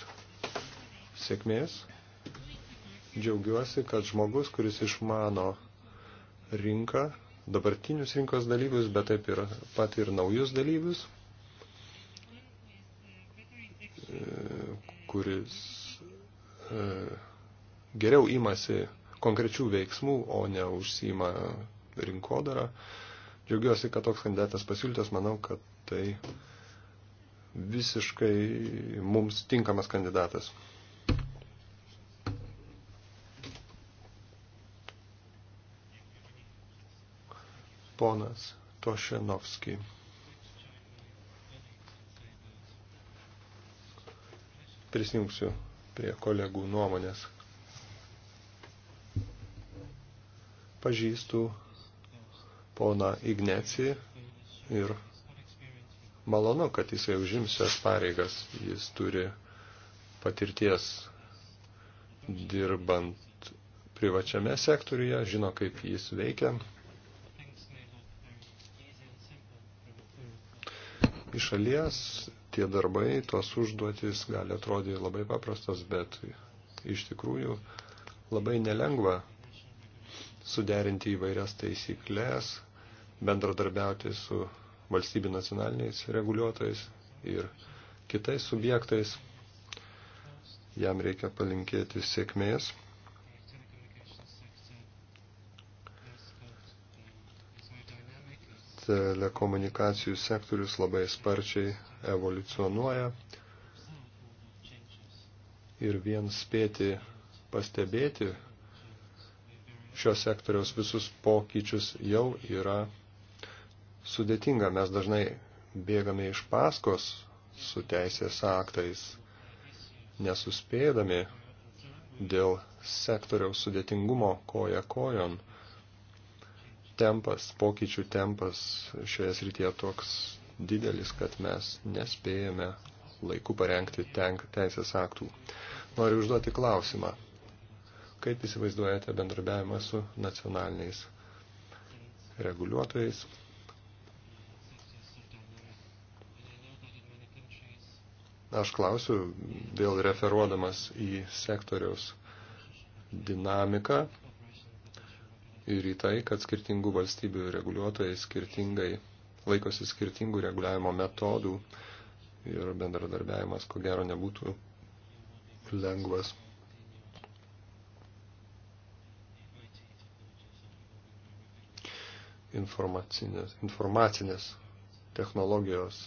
sėkmės. Džiaugiuosi, kad žmogus, kuris išmano rinką, dabartinius rinkos dalyvius, bet taip ir pat ir naujus dalyvius, kuris e, geriau imasi konkrečių veiksmų, o ne užsima rinkodarą. Džiaugiuosi, kad toks kandidatas pasiūlytas, manau, kad tai visiškai mums tinkamas kandidatas. Ponas Tošenovskis. prisijungsiu prie kolegų nuomonės. Pažįstu poną Igneci ir malonu, kad jisai užims šias pareigas. Jis turi patirties dirbant privačiame sektoriuje, žino, kaip jis veikia. Iš šalies tie darbai, tos užduotis gali atrodyti labai paprastos, bet iš tikrųjų labai nelengva suderinti įvairias taisyklės, bendradarbiauti su valstybių nacionaliniais reguliuotojais ir kitais subjektais. Jam reikia palinkėti sėkmės. telekomunikacijų sektorius labai sparčiai evoliucionuoja ir vien spėti pastebėti šio sektoriaus visus pokyčius jau yra sudėtinga. Mes dažnai bėgame iš paskos su teisės aktais, nesuspėdami dėl sektoriaus sudėtingumo koja kojon tempas, pokyčių tempas šioje srityje toks didelis, kad mes nespėjame laiku parengti tenk, teisės aktų. Noriu užduoti klausimą. Kaip įsivaizduojate bendrabiavimą su nacionaliniais reguliuotojais? Aš klausiu, vėl referuodamas į sektoriaus dinamiką, ir į tai, kad skirtingų valstybių reguliuotojai skirtingai laikosi skirtingų reguliavimo metodų ir bendradarbiavimas ko gero nebūtų lengvas. Informacinės, informacinės technologijos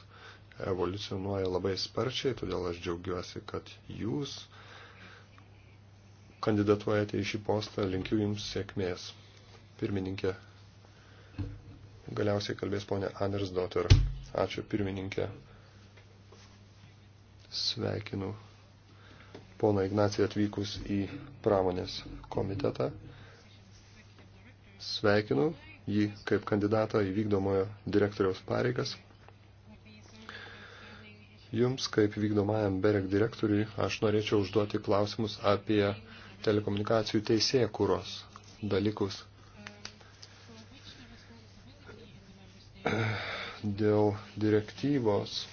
evoliucionuoja labai sparčiai, todėl aš džiaugiuosi, kad jūs kandidatuojate į šį postą, linkiu jums sėkmės pirmininkė. Galiausiai kalbės ponė Anders Dotter. Ačiū pirmininkė. Sveikinu poną Ignaciją atvykus į pramonės komitetą. Sveikinu jį kaip kandidatą į vykdomojo direktoriaus pareigas. Jums, kaip vykdomajam BEREK direktoriui, aš norėčiau užduoti klausimus apie telekomunikacijų teisėje kūros dalykus. dėl direktyvos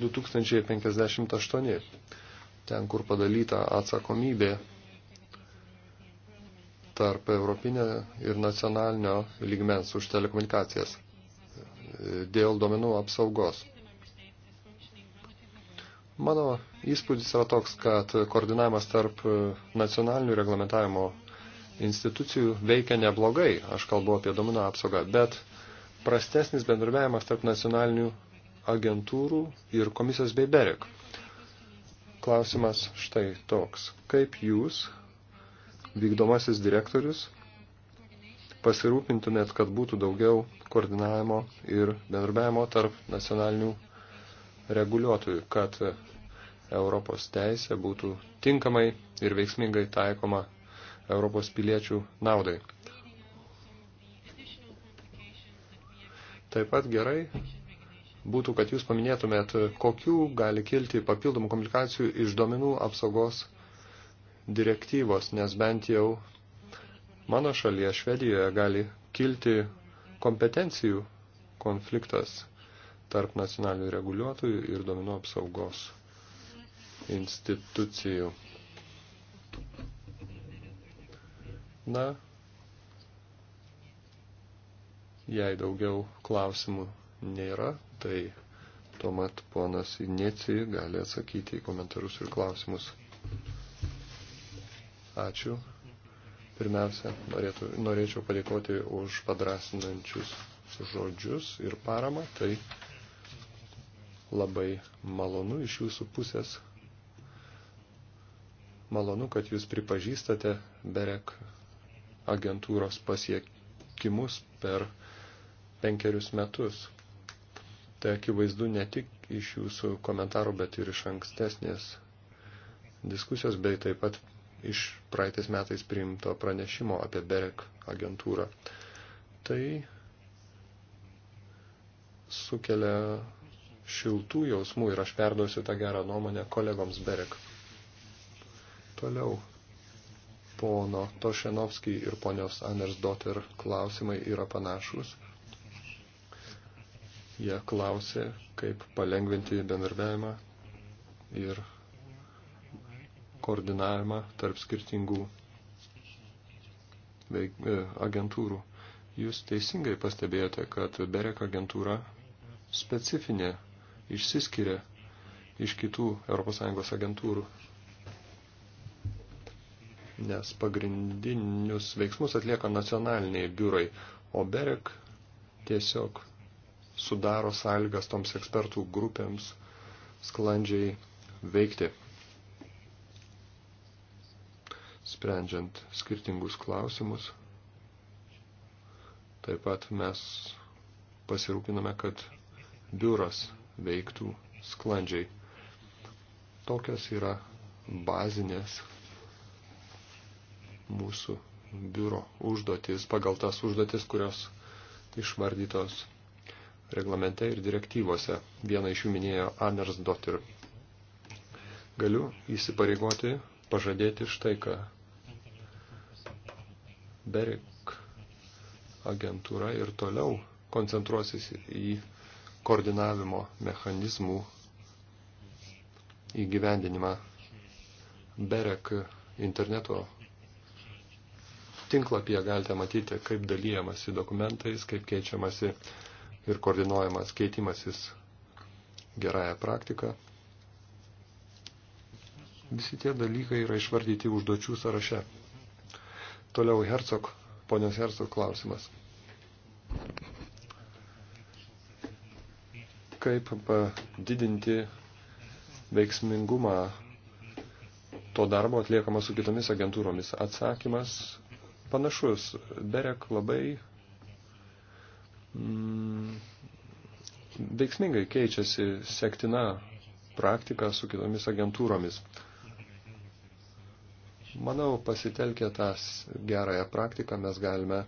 2058, ten kur padalyta atsakomybė tarp europinio ir nacionalinio lygmens už telekomunikacijas dėl domenų apsaugos. Mano įspūdis yra toks, kad koordinavimas tarp nacionalinių reglamentavimo institucijų veikia neblogai, aš kalbu apie domino apsaugą, bet prastesnis bendravimas tarp nacionalinių agentūrų ir komisijos bei BEREK. Klausimas štai toks. Kaip jūs, vykdomasis direktorius, pasirūpintumėt, kad būtų daugiau koordinavimo ir bendrabiavimo tarp nacionalinių reguliuotojų, kad Europos teisė būtų tinkamai ir veiksmingai taikoma Europos piliečių naudai. Taip pat gerai būtų, kad jūs paminėtumėt, kokių gali kilti papildomų komplikacijų iš domenų apsaugos direktyvos, nes bent jau mano šalyje, Švedijoje, gali kilti kompetencijų konfliktas tarp nacionalinių reguliuotojų ir domino apsaugos institucijų. Na, Jei daugiau klausimų nėra, tai tuomet ponas Ignici gali atsakyti į komentarus ir klausimus. Ačiū. Pirmiausia, norėtų, norėčiau padėkoti už padrasinančius žodžius ir paramą. Tai labai malonu iš jūsų pusės. Malonu, kad jūs pripažįstate Berek agentūros pasiekimus per penkerius metus. Tai akivaizdu ne tik iš jūsų komentarų, bet ir iš ankstesnės diskusijos, bei taip pat iš praeitais metais priimto pranešimo apie BEREK agentūrą. Tai sukelia šiltų jausmų ir aš perduosiu tą gerą nuomonę kolegoms BEREK. Toliau pono Tošenovskį ir ponios Anersdoter klausimai yra panašus. Jie klausė, kaip palengventi bendarbiavimą ir koordinavimą tarp skirtingų e, agentūrų. Jūs teisingai pastebėjote, kad Berek agentūra specifinė išsiskiria iš kitų ES agentūrų, nes pagrindinius veiksmus atlieka nacionaliniai biurai, o Berek tiesiog sudaro sąlygas toms ekspertų grupėms sklandžiai veikti, sprendžiant skirtingus klausimus. Taip pat mes pasirūpiname, kad biuras veiktų sklandžiai. Tokios yra bazinės mūsų biuro užduotis, pagal tas užduotis, kurios išvardytos reglamente ir direktyvose. Vieną iš jų minėjo Anders Dotter. Galiu įsipareigoti, pažadėti štai ką. Berik agentūra ir toliau koncentruosis į koordinavimo mechanizmų įgyvendinimą. Berek interneto tinklapyje galite matyti, kaip dalyjamasi dokumentais, kaip keičiamasi uh, ir koordinuojamas keitimasis gerąją praktiką. Visi tie dalykai yra išvardyti užduočių sąraše. Toliau Hercog, ponios Hercog klausimas. Kaip padidinti veiksmingumą to darbo atliekama su kitomis agentūromis? Atsakymas panašus. Berek labai Mm, veiksmingai keičiasi sektina praktika su kitomis agentūromis. Manau, pasitelkę tas gerąją praktiką mes galime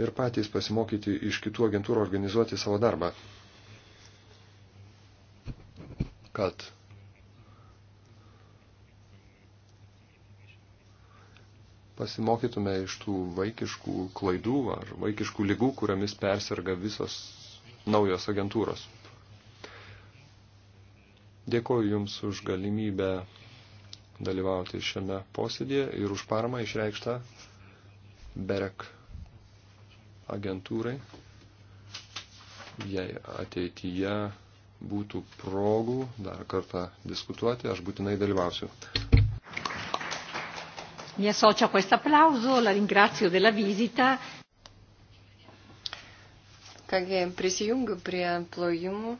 ir patys pasimokyti iš kitų agentūrų organizuoti savo darbą, kad pasimokytume iš tų vaikiškų klaidų ar vaikiškų lygų, kuriamis persirga visos naujos agentūros. Dėkuoju Jums už galimybę dalyvauti šiame posėdėje ir už paramą išreikštą BEREK agentūrai. Jei ateityje būtų progų dar kartą diskutuoti, aš būtinai dalyvausiu. Mi associo a questo applauso, la ringrazio della visita. Kągi, prisijungiu prie plojimų.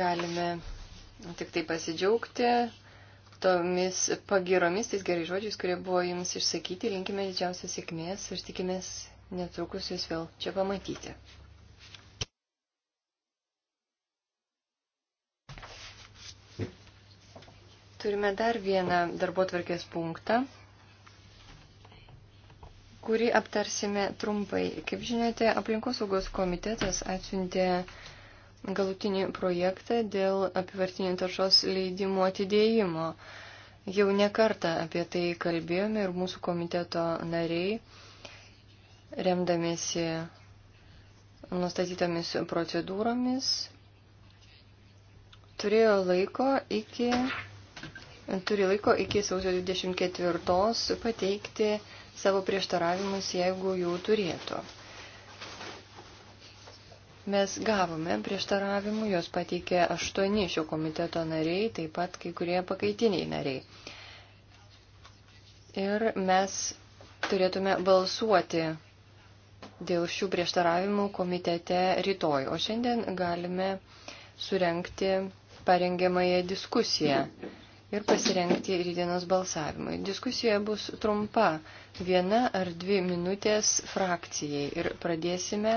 Galime tik tai pasidžiaugti tomis pagiromis, tais gerai žodžiais, kurie buvo jums išsakyti. Linkime didžiausios sėkmės ir tikimės netrukus jūs vėl čia pamatyti. Turime dar vieną darbo tvarkės punktą, kurį aptarsime trumpai. Kaip žinote, aplinkosaugos komitetas atsiuntė galutinį projektą dėl apivartinių taršos leidimų atidėjimo. Jau nekartą apie tai kalbėjome ir mūsų komiteto nariai, remdamėsi nustatytomis procedūromis, turėjo laiko iki turi laiko iki sausio 24 pateikti savo prieštaravimus, jeigu jų turėtų. Mes gavome prieštaravimų, jos pateikė aštuoni šio komiteto nariai, taip pat kai kurie pakaitiniai nariai. Ir mes turėtume balsuoti dėl šių prieštaravimų komitete rytoj. O šiandien galime surenkti parengiamąją diskusiją. Mhm ir pasirengti rydienos balsavimui. Diskusija bus trumpa, viena ar dvi minutės frakcijai ir pradėsime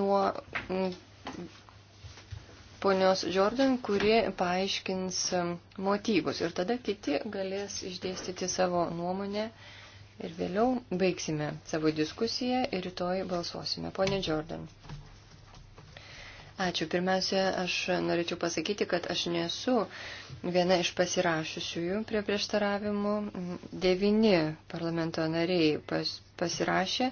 nuo mm, ponios Jordan, kuri paaiškins mm, motyvus. Ir tada kiti galės išdėstyti savo nuomonę. Ir vėliau baigsime savo diskusiją ir rytoj balsuosime. Pone Jordan. Ačiū. Pirmiausia, aš norėčiau pasakyti, kad aš nesu viena iš pasirašysiųjų prie prieštaravimų. Devini parlamento nariai pas, pasirašė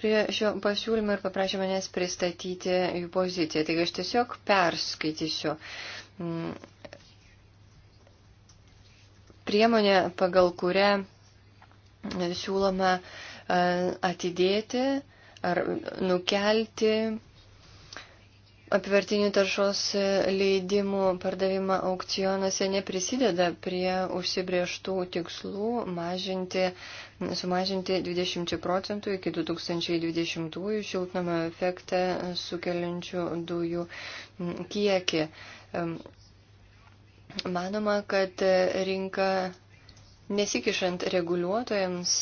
prie šio pasiūlymo ir paprašė manęs pristatyti jų poziciją. Taigi aš tiesiog perskaitysiu. Mm, Priemonė, pagal kurią siūloma e, atidėti ar nukelti apivertinių taršos leidimų pardavimą aukcionuose neprisideda prie užsibrieštų tikslų mažinti, sumažinti 20 procentų iki 2020 šiltnamio efektą sukeliančių dujų kiekį. Manoma, kad rinka nesikišant reguliuotojams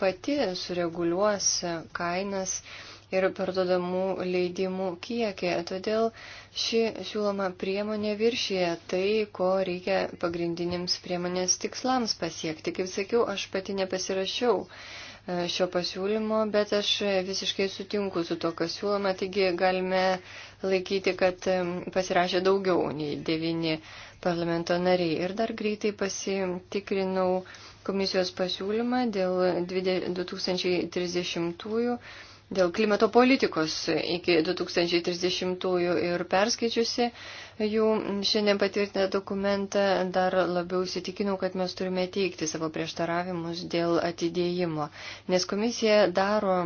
pati sureguliuos kainas ir parduodamų leidimų kiekį. Todėl ši siūloma priemonė viršyje tai, ko reikia pagrindiniams priemonės tikslams pasiekti. Kaip sakiau, aš pati nepasirašiau e, šio pasiūlymo, bet aš visiškai sutinku su to, kas siūloma, taigi galime laikyti, kad e, pasirašė daugiau nei devyni parlamento nariai. Ir dar greitai pasitikrinau komisijos pasiūlymą dėl 2030-ųjų dėl klimato politikos iki 2030-ųjų ir perskaičiusi jų šiandien patvirtinę dokumentą dar labiau įsitikinau, kad mes turime teikti savo prieštaravimus dėl atidėjimo, nes komisija daro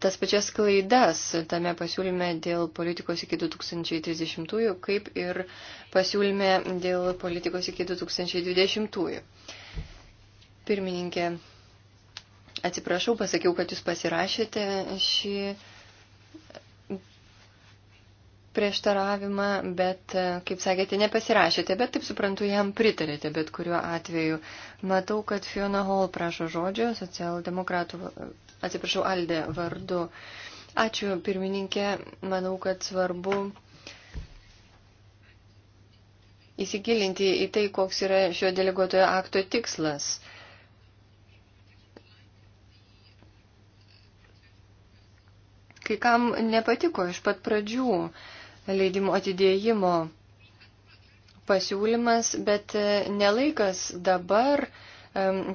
tas pačias klaidas tame pasiūlyme dėl politikos iki 2030-ųjų, kaip ir pasiūlyme dėl politikos iki 2020-ųjų. Pirmininkė, Atsiprašau, pasakiau, kad jūs pasirašėte šį prieštaravimą, bet, e, kaip sakėte, nepasirašėte, bet, taip suprantu, jam pritarėte, bet kuriuo atveju. Matau, kad Fiona Hall prašo žodžio, socialdemokratų, e, atsiprašau, Aldė vardu. Ačiū, pirmininkė, manau, kad svarbu įsigilinti į tai, koks yra šio deleguotojo akto tikslas. kai kam nepatiko iš pat pradžių leidimo atidėjimo pasiūlymas, bet e, nelaikas dabar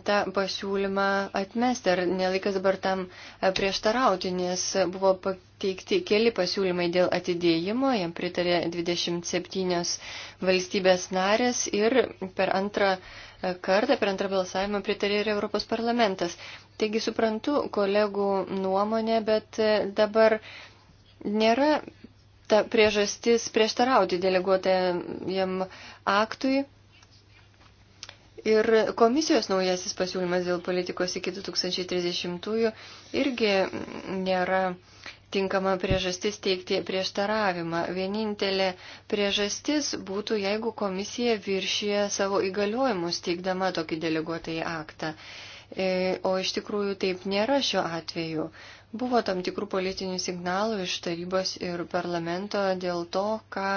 tą pasiūlymą atmesti, ar nelaikas dabar tam e, prieštarauti, nes buvo pateikti keli pasiūlymai dėl atidėjimo, jam pritarė 27 valstybės narės ir per antrą e, kartą, per antrą balsavimą pritarė ir Europos parlamentas. Taigi suprantu kolegų nuomonę, bet e, dabar nėra ta priežastis prieštarauti deleguotajam aktui. Ir komisijos naujasis pasiūlymas dėl politikos iki 2030-ųjų irgi nėra tinkama priežastis teikti prieštaravimą. Vienintelė priežastis būtų, jeigu komisija viršyje savo įgaliojimus teikdama tokį deleguotąjį aktą. E, o iš tikrųjų taip nėra šiuo atveju. Buvo tam tikrų politinių signalų iš tarybos ir parlamento dėl to, ką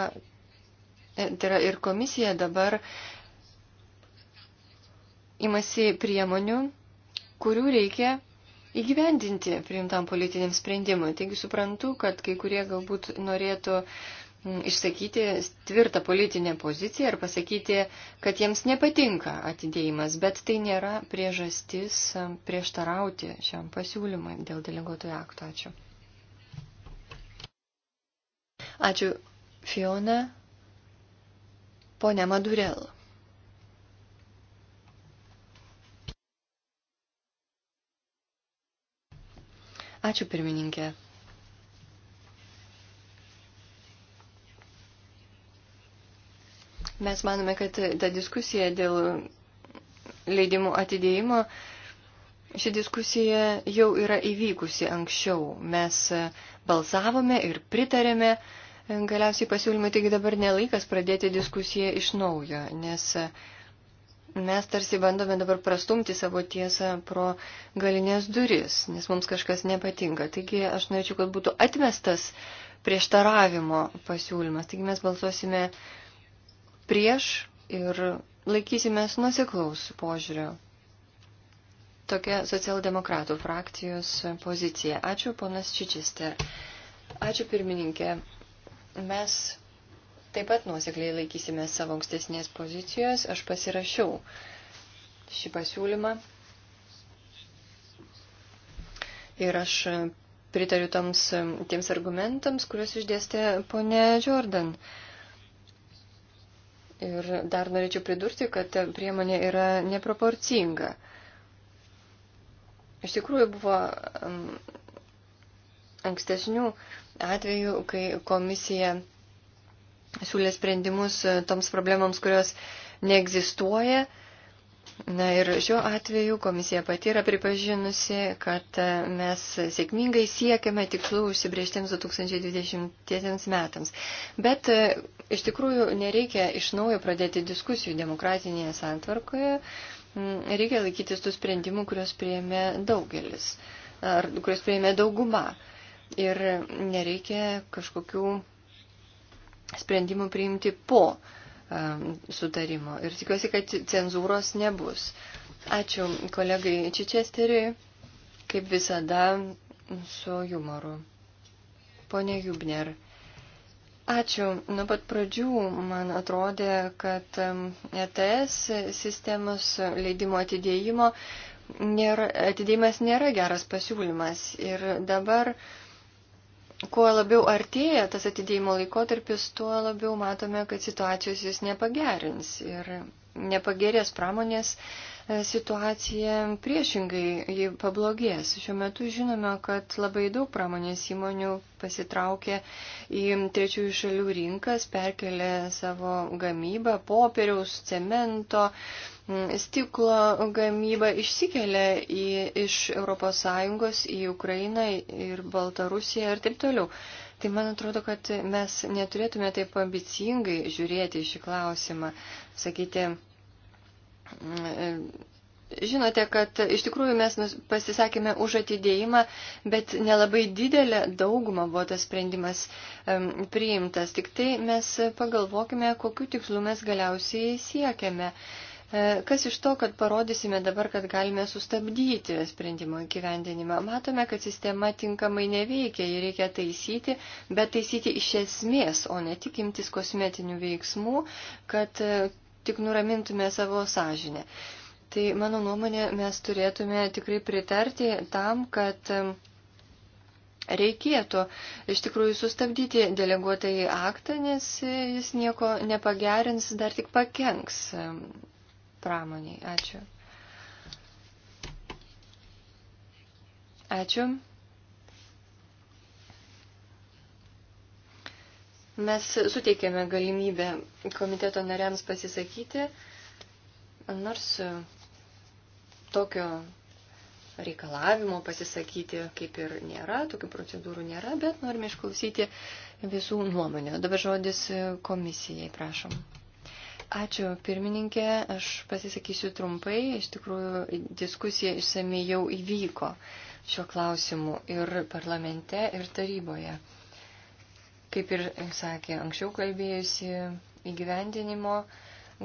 e, tai yra ir komisija dabar imasi priemonių, kurių reikia įgyvendinti priimtam politiniam sprendimui. Taigi suprantu, kad kai kurie galbūt norėtų uh, išsakyti tvirtą politinę poziciją ir pasakyti, kad jiems nepatinka atidėjimas, bet tai nėra priežastis prieštarauti šiam pasiūlymui dėl deleguotojų aktų. Ačiū. Ačiū, Fiona. Pone Madurel. Ačiū, pirmininkė. Mes manome, kad ta diskusija dėl leidimų atidėjimo, ši diskusija jau yra įvykusi anksčiau. Mes balsavome ir pritarėme galiausiai pasiūlymai, taigi dabar nelaikas pradėti diskusiją iš naujo, nes mes tarsi bandome dabar prastumti savo tiesą pro galinės duris, nes mums kažkas nepatinka. Taigi aš norėčiau, kad būtų atmestas prieštaravimo pasiūlymas. Taigi mes balsuosime prieš ir laikysimės nusiklaus požiūrio. Tokia socialdemokratų frakcijos pozicija. Ačiū, ponas Čičister. Ačiū, pirmininkė. Mes taip pat nuosekliai laikysime savo ankstesnės pozicijos. Aš pasirašiau šį pasiūlymą. Ir aš pritariu toms, tiems argumentams, kuriuos išdėstė ponė Jordan. Uh, Ir dar norėčiau pridurti, kad priemonė yra neproporcinga. Iš tikrųjų buvo um, ankstesnių atvejų, kai komisija siūlė sprendimus toms problemams, kurios neegzistuoja. Na ir šiuo atveju komisija pati yra pripažinusi, kad mes sėkmingai siekiame tikslų užsibriežtiems 2020 metams. Bet Iš tikrųjų, nereikia iš naujo pradėti diskusijų demokratinėje santvarkoje, mm, reikia laikytis tų sprendimų, kuriuos prieėmė daugelis, ar kuriuos prieėmė dauguma. Ir nereikia kažkokių sprendimų priimti po um, sutarimo. Ir tikiuosi, kad cenzūros nebus. Ačiū kolegai Čičesteriui, kaip visada, su jumoru. Pone Jubner. Ačiū. Nuo pat pradžių man atrodė, kad ETS e sistemos leidimo atidėjimo nėra, atidėjimas nėra geras pasiūlymas. Ir dabar, kuo labiau artėja tas atidėjimo laikotarpis, tuo labiau matome, kad situacijos jis nepagerins ir nepagerės pramonės situacija priešingai jį pablogės. Šiuo metu žinome, kad labai daug pramonės įmonių pasitraukė į trečiųjų šalių rinkas, perkelė savo gamybą, popieriaus, cemento, stiklo gamybą, išsikelia į, iš ES į Ukrainą ir Baltarusiją ir taip toliau. Tai man atrodo, kad mes neturėtume taip ambicingai žiūrėti į šį klausimą, sakyti, Žinote, kad iš tikrųjų mes pasisakėme už atidėjimą, bet nelabai didelė dauguma buvo tas sprendimas um, priimtas. Tik tai mes pagalvokime, kokiu tikslu mes galiausiai siekiame. E, kas iš to, kad parodysime dabar, kad galime sustabdyti sprendimo įgyvendinimą? Matome, kad sistema tinkamai neveikia, jį reikia taisyti, bet taisyti iš esmės, o ne tik imtis kosmetinių veiksmų, kad tik nuramintume savo sąžinę. Tai mano nuomonė, mes turėtume tikrai pritarti tam, kad reikėtų iš tikrųjų sustabdyti deleguotąjį aktą, nes jis nieko nepagerins, dar tik pakenks pramoniai. Ačiū. Ačiū. Mes suteikėme galimybę komiteto nariams pasisakyti, nors tokio reikalavimo pasisakyti kaip ir nėra, tokių procedūrų nėra, bet norime išklausyti visų nuomonę. Dabar žodis komisijai, prašom. Ačiū, pirmininkė, aš pasisakysiu trumpai, iš tikrųjų diskusija išsamei jau įvyko šiuo klausimu ir parlamente, ir taryboje. Kaip ir sakė anksčiau kalbėjusi įgyvendinimo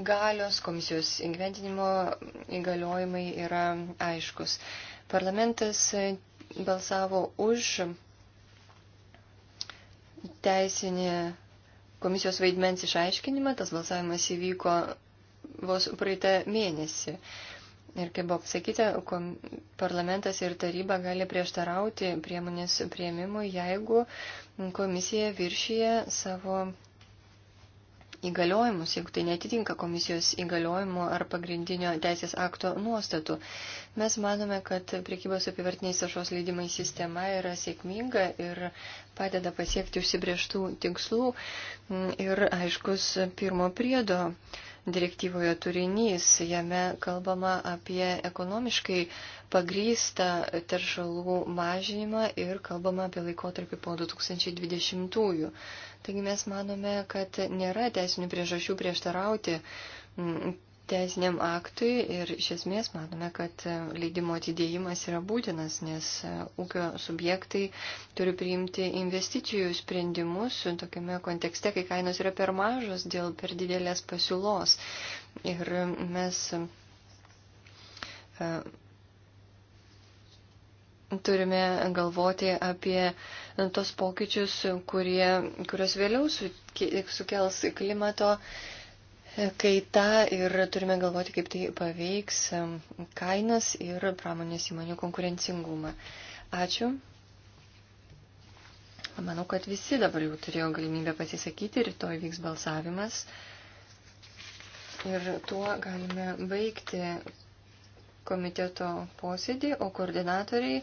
galios, komisijos įgyvendinimo įgaliojimai yra aiškus. Parlamentas e, balsavo už teisinį komisijos vaidmens išaiškinimą, tas balsavimas įvyko vos praeitą mėnesį. Uh, Ir kaip buvo pasakyta, parlamentas ir taryba gali prieštarauti priemonės prieimimui, jeigu komisija viršyje savo įgaliojimus, jeigu tai netitinka komisijos įgaliojimų ar pagrindinio teisės akto nuostatų. Mes manome, kad priekybos apivartiniais taršos leidimai sistema yra sėkminga ir padeda pasiekti užsibrieštų tikslų mm, ir aiškus pirmo priedo direktyvoje turinys. Jame kalbama apie ekonomiškai pagrystą teršalų mažinimą ir kalbama apie laikotarpį po 2020-ųjų. Taigi mes manome, kad nėra teisinių priežasčių prieštarauti teisiniam aktui ir iš esmės manome, kad leidimo atidėjimas yra būtinas, nes e, ūkio subjektai turi priimti investicijų sprendimus tokiame kontekste, kai kainos yra per mažos dėl per didelės pasiūlos. Ir mes e, turime galvoti apie tos pokyčius, kurie, kurios vėliau sukels klimato kaita ir turime galvoti, kaip tai paveiks kainas ir pramonės įmonių konkurencingumą. Ačiū. Manau, kad visi dabar jau turėjo galimybę pasisakyti, rytoj vyks balsavimas. Ir tuo galime baigti komiteto posėdį, o koordinatoriai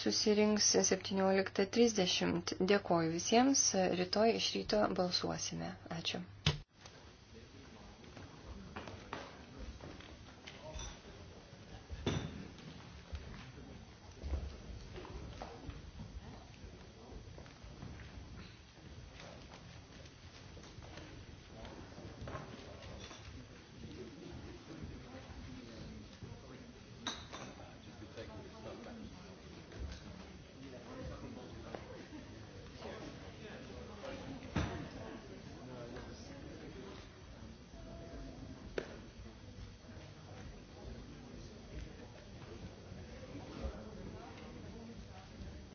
susirinks 17.30. Dėkoju visiems, rytoj iš ryto balsuosime. Ačiū.